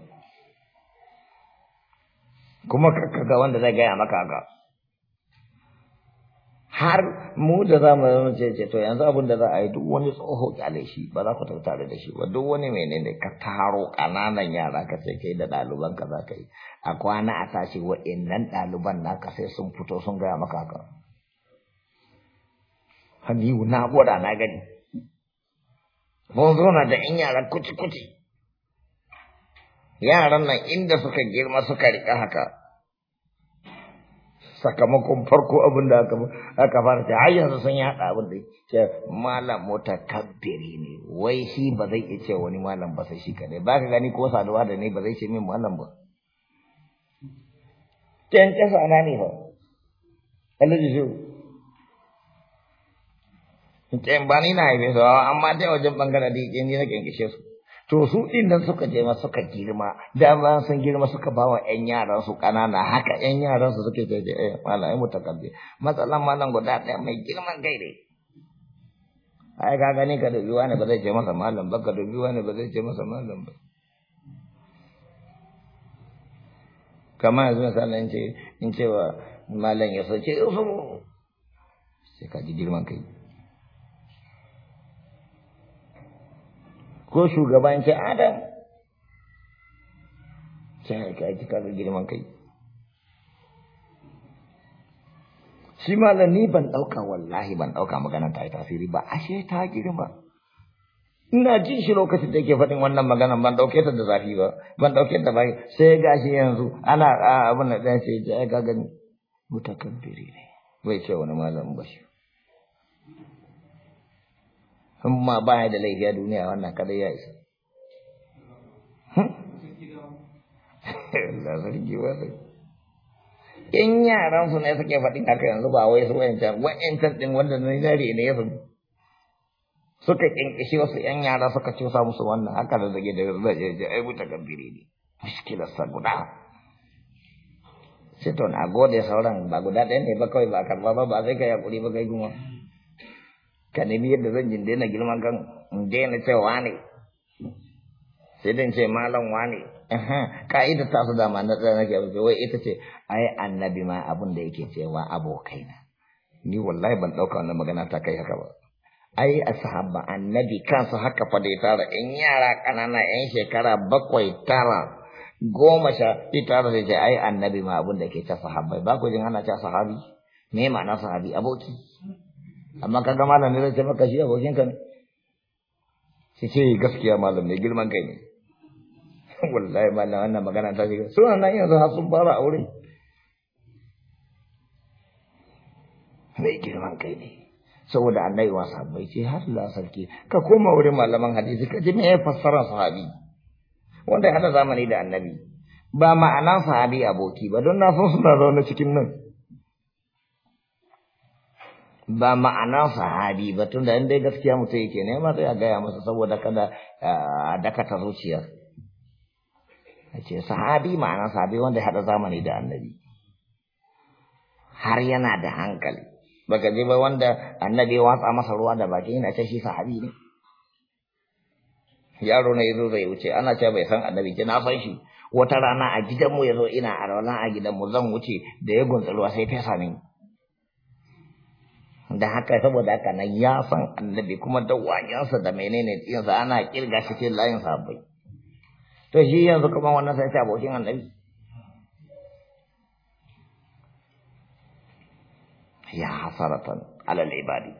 kuma ka ga wanda zai gaya maka ga har mu da za mu zama ce to yanzu abin da za a yi duk wani tsoho kyale shi ba za ku tattare da shi ba duk wani menene ka taro kananan yara ka sai kai da ɗaliban ka za ka yi a kwana a tashi wa'innan ɗaliban ka sai sun fito sun gaya maka haka Habibu na gwada na gani mun na da in yara kuci kuci yaran nan inda suka girma suka riƙa haka sakamakon farko abin da aka fara ta har yanzu sun yaɗa abin da ce malam mutakabbiri ne wai shi ba zai iya ce wani malam ba sai shi kadai ba ka gani ko saduwa da ne ba zai ce min malam ba ten kasa ana ne fa Allah ji shi. ten ba ni na haife su amma dai wajen bangaren da yake ni na kyankishe su to su din nan suka je suka girma da bayan sun girma suka ba wa ƴan yaran su ƙanana haka ƴan yaran su suke je eh malai mutakabbi matsalan malam guda ɗaya mai girman gai gaire ai ka gani ka dubi wani ba zai je masa malam ba ka dubi wani ba zai je masa malam ba kama yanzu misalin ce in ce wa malam ya sace su, sai ka ji girman kai ko shugaban ce adam sai ka ka girman kai shi malam ban ɗauka wallahi ban ɗauka magana ta yi tasiri ba ashe ta girma ina jin shi lokacin da yake faɗin wannan magana ban ɗauke ta da zafi ba ban dauke ta ba sai ga shi yanzu ana abin da dan sai ga gani mutakabbiri ne bai ce wani malamin ba shi in ma baya da laifi a duniya wannan kadai ya isa hmm? in yaran su ne suke faɗin haka yanzu ba wai su wayancan wayancan ɗin wanda na nare ne ya fi suka ƙinƙishi wasu ‘yan yara suka cusa musu wannan haka da zage da zage ai buta gambire ne sa guda sai to na gode sauran ba guda ɗaya ne ba kawai ba karɓa ba ba zai kai hakuri ba kai kuma ka nemi yadda zan jin daina girman kan in daina cewa ne sai dan ce malam wane ka'ida ta su dama na tsaya nake abu wai ita ce ai annabi ma abun da yake cewa abokaina ni wallahi ban dauka wannan magana ta kai haka ba ai sahaba annabi kansa haka fa da tara in yara kanana yan shekara bakwai tara goma sha tara da ce ai annabi ma abun da yake ta sahabai, ba ku jin ana ta sahabi me ma'ana sahabi aboki amma kaga malam ne zai ce maka shi abokin ka ne shi ce eh, gaskiya malam ne girman kai ne wallahi malam wannan magana ta shiga suna nan yanzu zuwa sun fara aure mai girman kai ne saboda annabi wa sahabbai ce har la sarki ka koma wurin malaman hadisi ka ji me fassara sahabi wanda ya hada zamani da annabi ba ma'ana sahabi aboki ba don na san suna zaune cikin nan ba ma'ana sahabi ba tunda in dai gaskiya mutum yake nema sai a gaya masa saboda kada ah, a dakata zuciyar. a ce sahabi ma'ana sahabi wanda hada zamani da annabi har yana da hankali baka je ba wanda annabi watsa masa ruwa da baki yana ce shi sahabi ne yaro na yanzu zai wuce ana ce bai san annabi ke na san shi wata rana a gidanmu ya zo ina a rana a gidanmu zan wuce da ya ruwa sai fesa ne da haka saboda haka nan ya san annabi kuma da wayansa da menene tsinsa ana kirga cikin layin sahabbai to shi yanzu kuma wannan sai ta abokin annabi ya hasaratan alal ibadi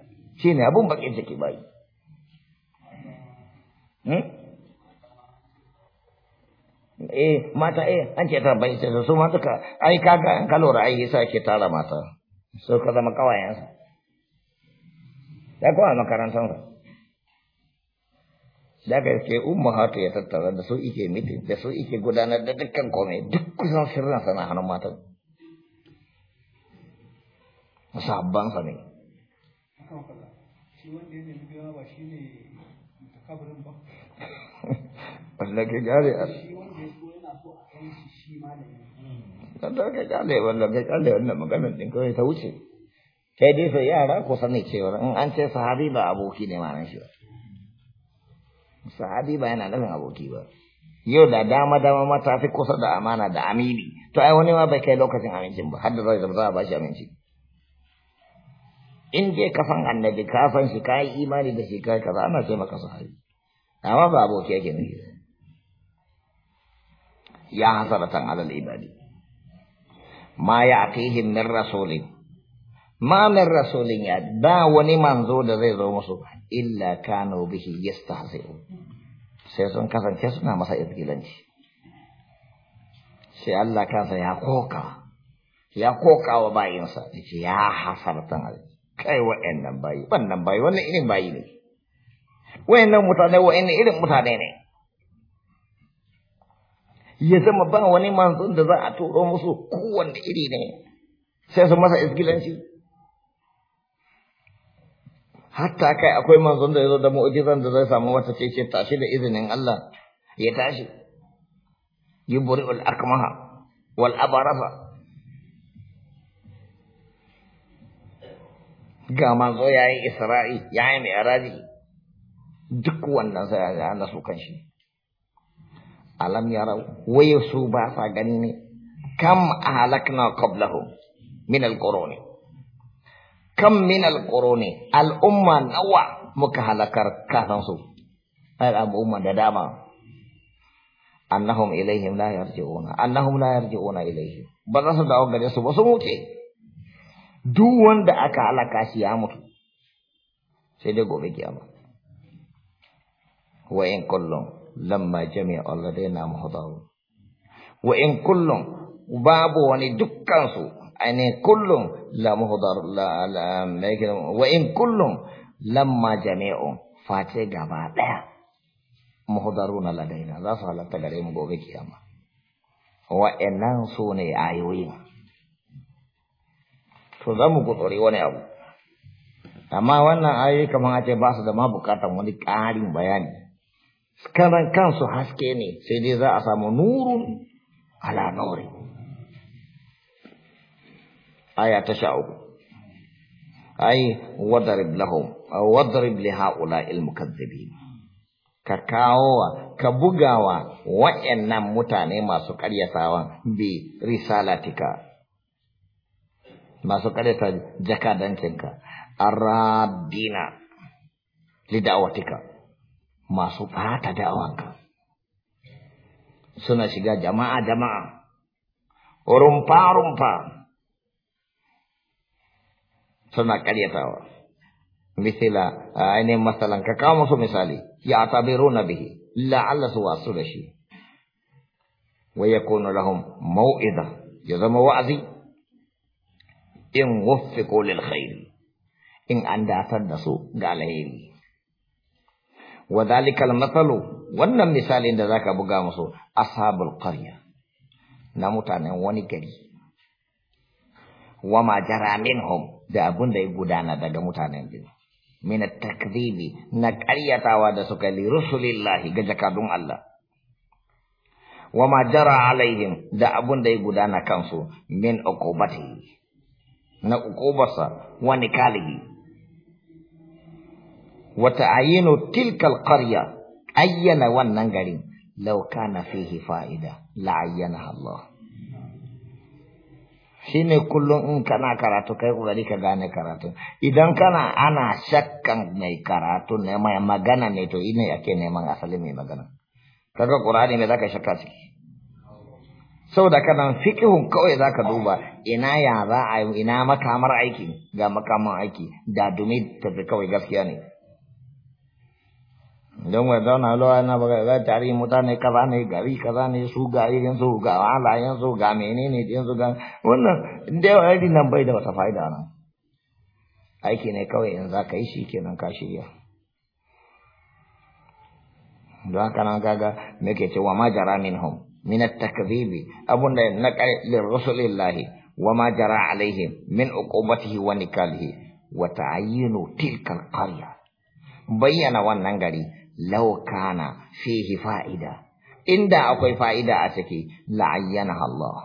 ne abun bakin ciki bai hmm? eh mata eh an ce ta bai su ma suka ai kaga an kalora ai yasa ke tara mata so ka zama kawayensa ya kuwa makarantarsa da ka yake umma hatu ya tattara da su ike miti da su ike gudanar da dukkan komai duk kusan sirrin sana hannun matan sabban sa ne wanda ke gare a wanda ke gare wanda ke gare wannan maganar ɗin kawai ta wuce sai dai sai yara ku sani cewa in an ce sahabi ba aboki ne ma shi ba, sahabi ba yana nufin aboki ba yau da dama dama ma ta fi kusa da amana da amini to ai wani ma bai kai lokacin amincin ba har da zai zama ba shi aminci in dai ka san annabi ka san shi ka yi imani da shi kai kaza ana sai maka sahabi amma ba aboki yake nufi ya hasaratan alal ibadi ma ya aqihim min rasulin ma min rasulin ya ba wani manzo da zai zo musu illa kanu bihi yastahzi'u sai sun kasance suna masa izgilanci sai Allah kansa ya koka ya koka wa bayinsa yace ya hasartan kai wa wa'annan bayi wannan bayi wannan irin bayi ne wannan mutane wa wa'annan irin mutane ne ya zama ba wani manzon da za a turo musu kowanne iri ne sai su masa izgilanci hatta kai akwai manzon da yazo da mu'jizan da zai samu wata ce tashi da izinin Allah ya tashi yubri'ul akmaha wal abarasa ga manzo Isra'il isra'i yayi mi'raji duk wannan sai ya na su kanshi alam yara wayu su ba sa gani ne kam ahlakna qablahum min al-quruni kam min alquruni al'umma nawa muka halakar kafin su al'umma da dama annahum ilaihim la yarji'una annahum la yarji'una ilaihim ba za su dawo gare su ba su muke duk wanda aka halaka shi ya mutu sai dai gobe kiyama wa in kullum lamma jami'a alladaina muhdarun wa in kullum babu wani dukkan su ini kullum la muhdar la wa in kullum lamma jami'un face gaba daya muhdaruna ladaina za su halatta gare mu gobe kiyama Wa su ne ayoyin to za mu wani abu amma wannan ayoyi kaman a ce ba su da ma bukatan wani karin bayani karan kansu haske ne sai dai za a samu nurun ala nuri aya ta sha uku ai wadarib lahum wadarib li haula al mukazzibin ka kawowa ka bugawa wa'annan mutane masu karyatawa bi risalatika masu karyata jakadancinka arradina li masu fata da'awanka suna shiga jama'a jama'a rumfa rumfa فمكاليتا مثل اين مثلا كقام في مثالي يعتبرون به على سوى سلشي ويكون لهم موئدة يزم وعزي إن وفقوا للخير إن عند أتدسوا غالهين وذلك المثل وأن المثال عند ذاك أبو قامسو أصحاب القرية نموتان وني كري وما جرى منهم da abun da ya gudana daga mutanen biyu mina takzibi na karyatawa da suka li rusulillahi ga jakadun Allah wa ma jara alaihim da abun da ya gudana kansu min uqubati na uqubarsa wa nikalihi wa ta'ayinu tilkal qarya ayyana wannan garin law kana fihi fa'ida la ayyana Allah shi ne kullum in kana karatu kai kokari ka gane karatu idan kana ana shakkan mai karatu ne mai magana ne to ina ake neman asali mai magana kaga qur'ani mai zaka shakka ciki saboda kana fikihun kawai zaka duba ina ya za a ina makamar aiki ga makaman aiki da dumi tafi kawai gaskiya ne don wai zauna lawa na ba za ta mutane kaza ne gari kaza ne su ga irin su ga halayen su ga menene din su ga wannan da yawa nan bai da wata fa'ida nan aiki ne kawai in za ka yi shi kenan ka shirya don haka nan kaga me ke cewa ma jara minhum min at abun da na li rasulillahi wa ma jara alaihim min uqubatihi wa nikalihi wa ta'yinu tilkal qarya bayyana wannan gari law kana fihi fa'ida inda akwai fa'ida a ciki la'ayyana Allah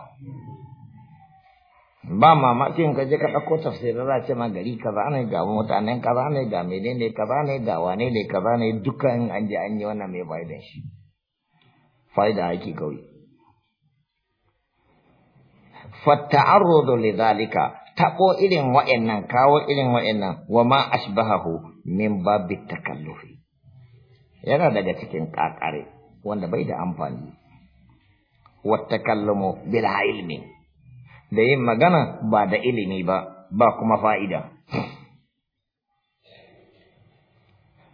ba mamakin ka je ka ɗauko tafsirin za ce ma gari kaza ne ga mutanen kaza ne ga menene kaza ne ga wane ne kaza ne dukkan an je an yi wannan mai fa'idan shi fa'ida ake kawai fatta'arrudu lidhalika taqo irin wa'in nan, kawo irin wa'in nan, wa ma ashbahahu min babit takallufi yana daga cikin kakare wanda bai da amfani wata kallamo bila ilmi da yin magana ba da ilimi ba ba kuma fa'ida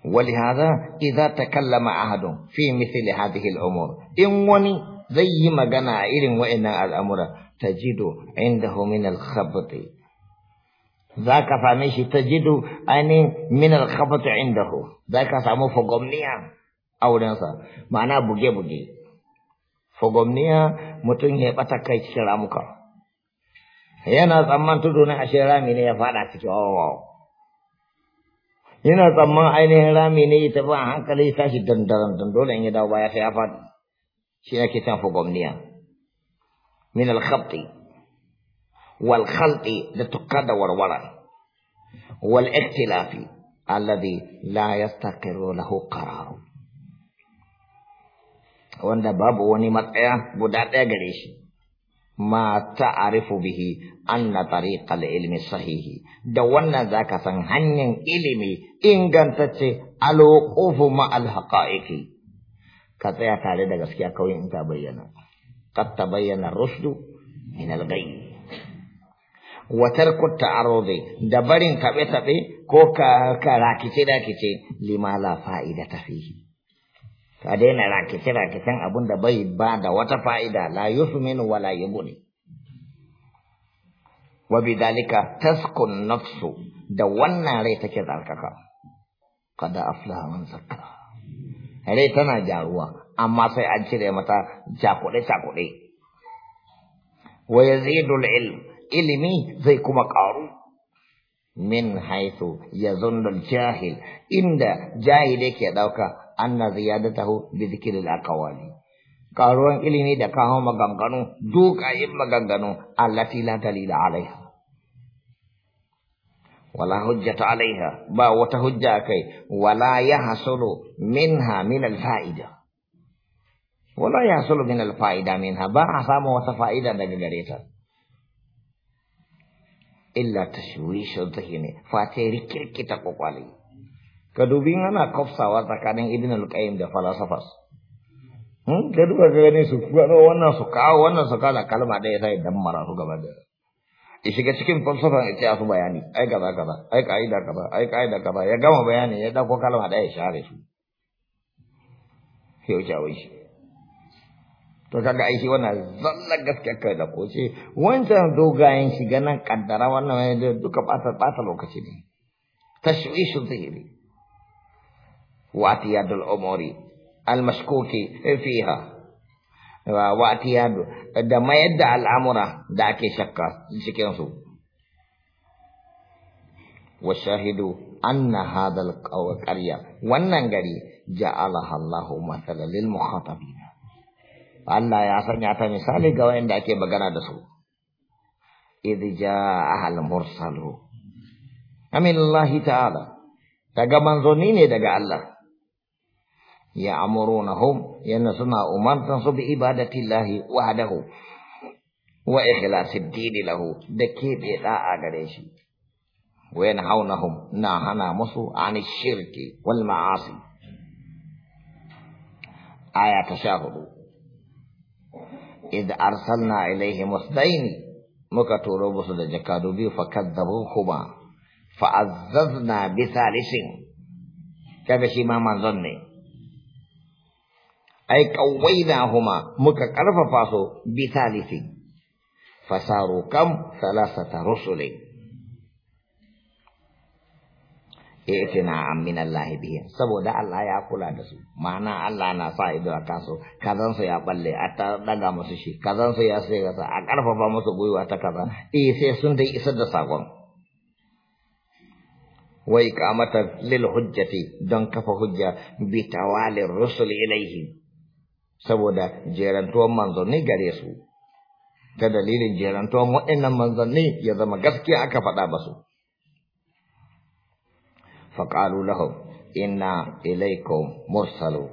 ولهذا إذا تكلم أحد في مثل هذه الأمور إن وني زي ما جنا إيرن وإن الأمر تجد عنده من الخبط za ka same shi ta jidu ainihin minar inda ku. za ka samu fagomniya a wurinsa ma'ana buge-buge fagomniya mutum ya ɓata kai cikin ramuka yana tsamman tudu na ashe rami ne ya faɗa cikin wawawa yana tsamman ainihin rami ne ya tafi a hankali ya tashi dandaran dan dole in ya dawo baya sai ya faɗi shi ake san fagomniya min al wal da tukka da warwara wal ikhtilafi alladhi la yastaqiru lahu qarar wanda babu wani matsaya guda ɗaya gare shi ma ta'arifu bihi anna tariqal ilmi sahihi da wannan zaka san hanyar ilimi ingantacce alwuqufu ma alhaqaiqi ka tsaya tare da gaskiya kawai in ka bayyana qad bayyana rusdu, min alghayb watar kutta arode da barin taɓe-taɓe ko ka rakice-rakice lima la fa'ida ta fi. Ka daina rakice-rakicen abin da bai ba da wata fa'ida la yusminu wa la yubuni. Wa dalika taskun nafsu da wannan rai take zarkaka. Kada aflaha man zakka. Rai tana jaruwa amma sai an cire mata cakuɗe-cakuɗe. Wa yazidul ilm ilimi zai kuma ƙaru min haisu ya zundul jahil inda jahil yake ɗauka anna ziyadatahu bi zikril aqwali ƙaruwan ilimi da kawo maganganu dukayin maganganu allati la dalila alaiha wala hujjata alaiha ba wata hujja kai wala ya minha min ha alfa'ida wala ya yahsulu min alfa'ida minha ba a samu wata fa'ida daga ta. illa tashwishu ta face rikirkita kokwali ka dubi ana kofsawa tsakanin ibn al-qayyim da falsafas hmm da duka ga ne su gano wannan su kawo wannan su kawo kalma da ya sai dan mara su gaba da ya shiga cikin falsafa ya ce a su bayani ai kaza kaza ai ka'ida kaza ai ka'ida kaza ya gama bayani ya dauko kalma da ya share su yau ya wuce to kaga ai shi wannan zallan gaskiya kai da koce wancan dogayen shiga nan kaddara wannan duka bata bata lokaci ne tashwishu zahiri wa atiyadul umuri al mashkuki fiha wa atiyadu da mayar da al'amura da ake shakka cikin su wa shahidu anna hadal qarya wannan gari ja'alaha Allahu mathalan lil mukhatabina Allah ya sanya ta misali ga wayanda ake magana da su idh jaa al mursalu aminallahi ta'ala daga manzoni ne daga Allah ya amurunahum yana suna umartan su bi ibadatillahi wahdahu wa ikhlasid din lahu da kebe da'a gare shi wayan haunahum na hana musu ani shirki wal ma'asi aya ta sha hudu idh arsalna ilaihim musdaini muka turo musu da jakadu biyu fa kadzabuhuma fa azzazna bi thalithin kaga shi ma manzon ne ai huma muka karfafa su bi thalithin fasaru kam salasata rusulin itina min Allah bihi saboda Allah ya kula da su mana Allah na sa ido a kansu kazan su ya balle a ta daga musu shi kazan su ya sai ga a karfafa musu gwiwa ta kaza eh sai sun dai isar da sakon wa iqamata lil hujjati don kafa hujja bi tawali rusul ilaihi saboda jerantuwan manzanni gare su ta dalilin jerantuwan waɗannan manzanni ya zama gaskiya aka faɗa ba su فقالوا لهم إنا إليكم مرسلون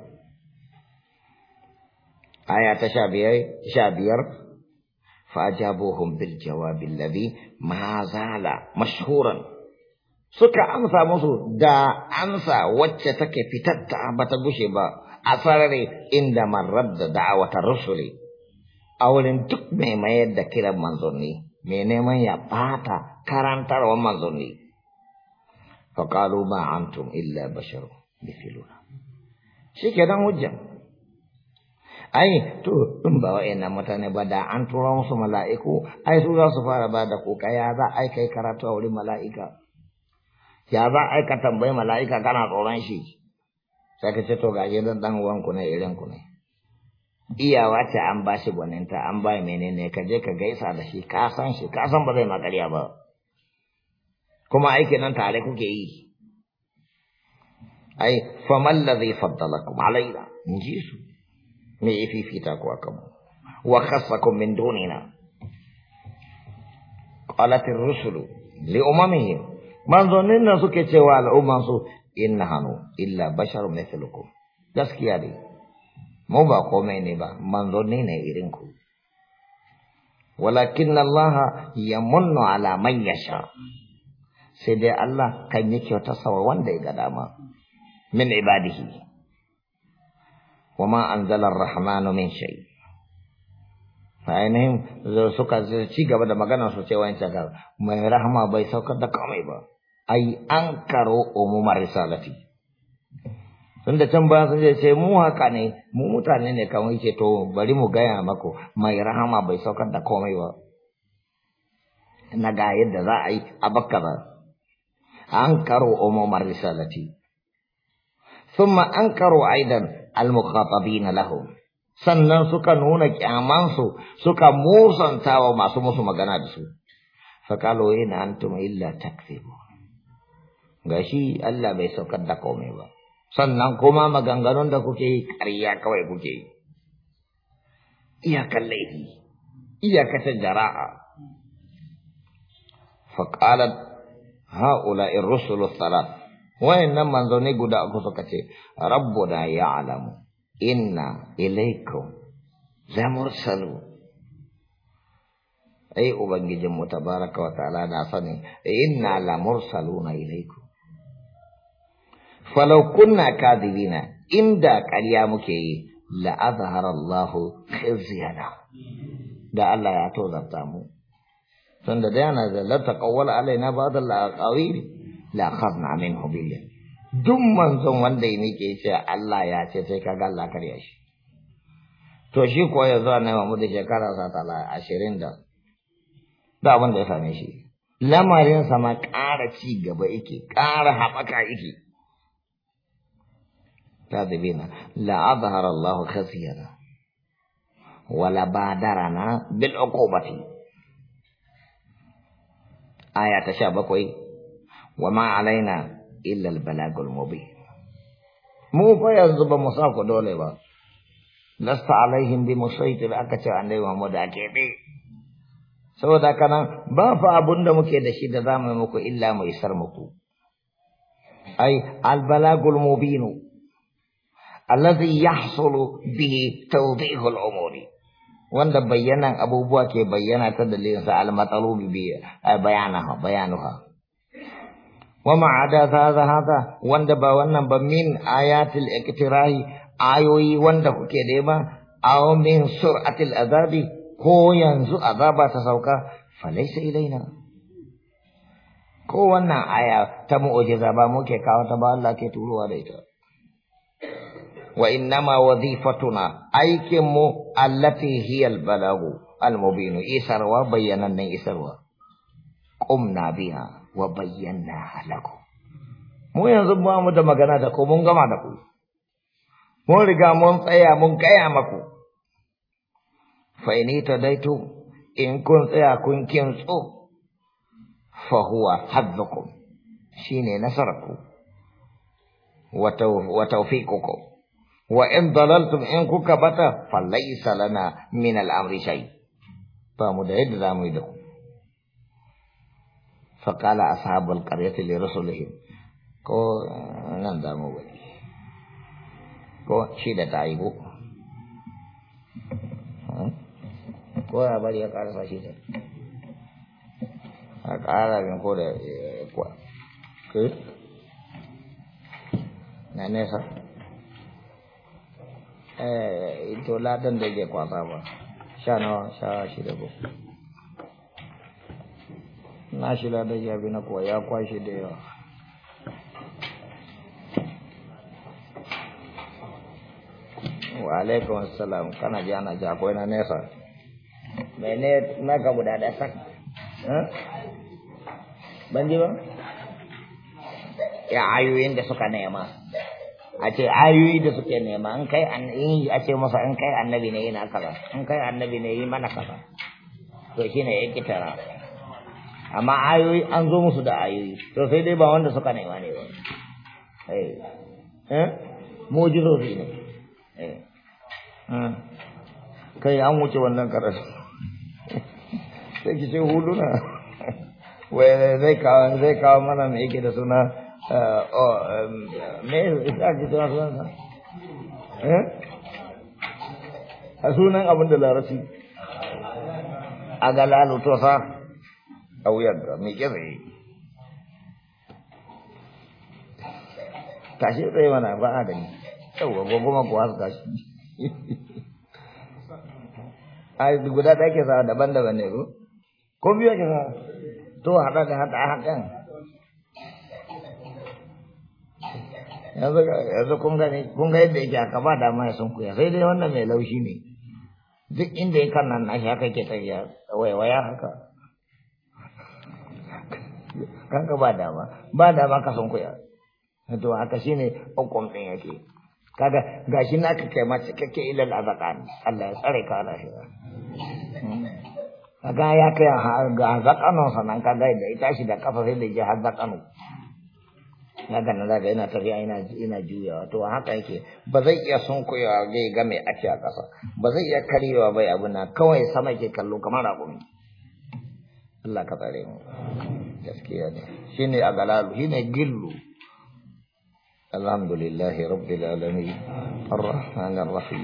آية شابير فأجابوهم بالجواب الذي ما زال مشهورا suka amsa musu da amsa wacce take fitatta bata gushe ba a sarare inda marar da da'awatar rusuli a wurin duk mai mayar da kiran manzanni mai neman ya bata karantarwa manzanni faƙalu ma antum illa basharu misiluna shi ke nan ai to in ba wa'annan mutane ba da an tura musu mala'iku ai su za su fara ba da kuka ya za a kai karatu a wurin mala'ika ya za a ka tambayi mala'ika kana tsoron shi sai ka ce to ga gidan dan ku ne irin ku ne iyawa ce an ba shi gwaninta an ba menene ka je ka gaisa da shi ka san shi ka san ba zai makarya a ba kuma aikin nan tare kuke yi ai faman ladhi faddalakum alaina in ji su me ya fifita ku akan mu wa khassakum min dunina qalat ar-rusulu li umamihim manzonin nan suke cewa al'umman su inna hanu illa basharun mithlukum gaskiya ne mu ba komai ne ba manzonni ne irin ku walakin Allah yamunnu ala man yasha' sai dai Allah kan yi kyauta sawa wanda ya ga dama min ibadihi wa ma anzala ar-rahmanu min shay ainihin suka ci gaba da magana su ce wani ga mai rahama bai saukar da komai ba ai an karo umumar risalati tun da can ba sun ce sai mu haka ne mu mutane ne kamar yake to bari mu gaya mako mai rahama bai saukar da komai ba na ga yadda za a yi a bakka ba أنكروا عموم الرسالة ثم أنكروا أيضا المخاطبين لهم sannan suka nuna kyamansu suka musanta wa masu musu magana da su fakalo yana antum illa takzibu gashi Allah bai saukar da komai ba sannan kuma maganganun da kuke yi ƙarya kawai kuke yi iyakar laifi iyakacin jara'a faƙalar haulai rusulus salat wainna manzoni gudak kusok kece rabbuna ya'lamu inna ilaikum zamursalu ai eh, ubangi jemu tabaraka wa ta'ala nasani inna la mursaluna ilaikum falau kunna kadibina inda kariya muke yi la azhara allah khizyana da allah ya to mu Sanda da yana da la alai alaina ba'd al-aqawil la akhadna minhu bil duk manzon wanda ya nike ce Allah ya ce sai kaga Allah karya shi to shi ko ya zo na mu da shekara sa 20 da da abin da ya same shi lamarin sa ma ƙara ci gaba yake ƙara haɓaka yake كاذبين لا أظهر الله خزينا ولا بادرنا بالعقوبة aya ta sha bakwai wa ma alaina illa albalagul mubin mu fa yanzu ba mu sa ku dole ba lasta alaihim bi musaitir aka ce mu da a kebe saboda kana ba fa abun da muke da shi da zamu muku illa mu isar muku ai albalagul mubinu alladhi yahsulu bihi tawdihul umuri wanda bayyanan abubuwa ke bayyana ta dalilin sa al-matalubi bi bayanaha bayanuha wa ma'ada za haka wanda ba wannan ba min ayatil iktirahi ayoyi wanda kuke nema aw min sur'atil azabi ko yanzu azaba ta sauka falaisa ilaina ko wannan aya ta mu'ujiza ba muke kawo ta ba Allah ke turowa da ita وإنما وظيفتنا أيكم التي هي البلاغ المبين إسروا بينا إسروا قمنا بها وبيناها لكم mu yanzu ba mu da magana da ku mun gama da ku mun riga mun tsaya mun gaya maku fa ini tadaitu in kun tsaya kun kintso fa huwa hadzukum shine nasarku wa tawfiqukum wa in dalaltum in kuka bata falaysa lana min al-amri shay ba mu da yadda zamu yi da ku fa qala ashabul qaryati li rusulihim ko nan da mu bane ko shi da taibu hmm? ko ya bari ya karasa shi da a kara min ko da eh, kwa na nesa eh to ladan da yake kwasa ba sha nawa sha shida ko na shi ladan ya bi na kuwa ya kwashe da yawa wa alaikum salam kana ji ana ji akwai na nesa mene na gabu guda da sak ban ji ba ya ayoyin da suka nema a ce ayoyi da suke nema in kai annabi a ce masa in kai annabi ne yana kaza in kai annabi ne yi mana kaza to shine ya kitara amma ayoyi an zo musu da ayoyi to sai dai ba wanda suka nema ne ba eh eh mujizozi ne eh hmm. kai an wuce wannan karatu sai ki ce huduna wai zai kawo mana me yake da suna Uh, oh, um, me isa ake eh? a sunan abin da larasi a galalu a wuyar mai yi mana ba a gani yauwa kuwa su tashi a guda ɗaya ke sa daban-daban ne ko ko biyu ke sa to haɗa da haɗa yanzu yanzu kun gani kun ga yadda yake aka ba dama ya sun kuya sai dai wannan mai laushi ne duk inda ya kan nan na shi haka ke tafiya waiwaya haka kanka ba dama ba dama ka sun kuya to haka shi ne hukum ɗin yake kaga shi na ka kai ma cikakke ilal azaqan Allah ya tsare ka lahira kaga ya kai ga azaqanon sanan kaga da ita shi da kafa sai da ji azaqanon ga na ga ina tafiya yana ina juyawa to haka yake ba zai iya sunkuyawa zai ga mai ake a kasa ba zai iya karewa bai abu na kawai sama ke kallo kamar raƙumi Allah ka tsare mu gaskiya ne shine a galalu shine gillu alhamdulillahi rabbil alamin arrahmanir rahim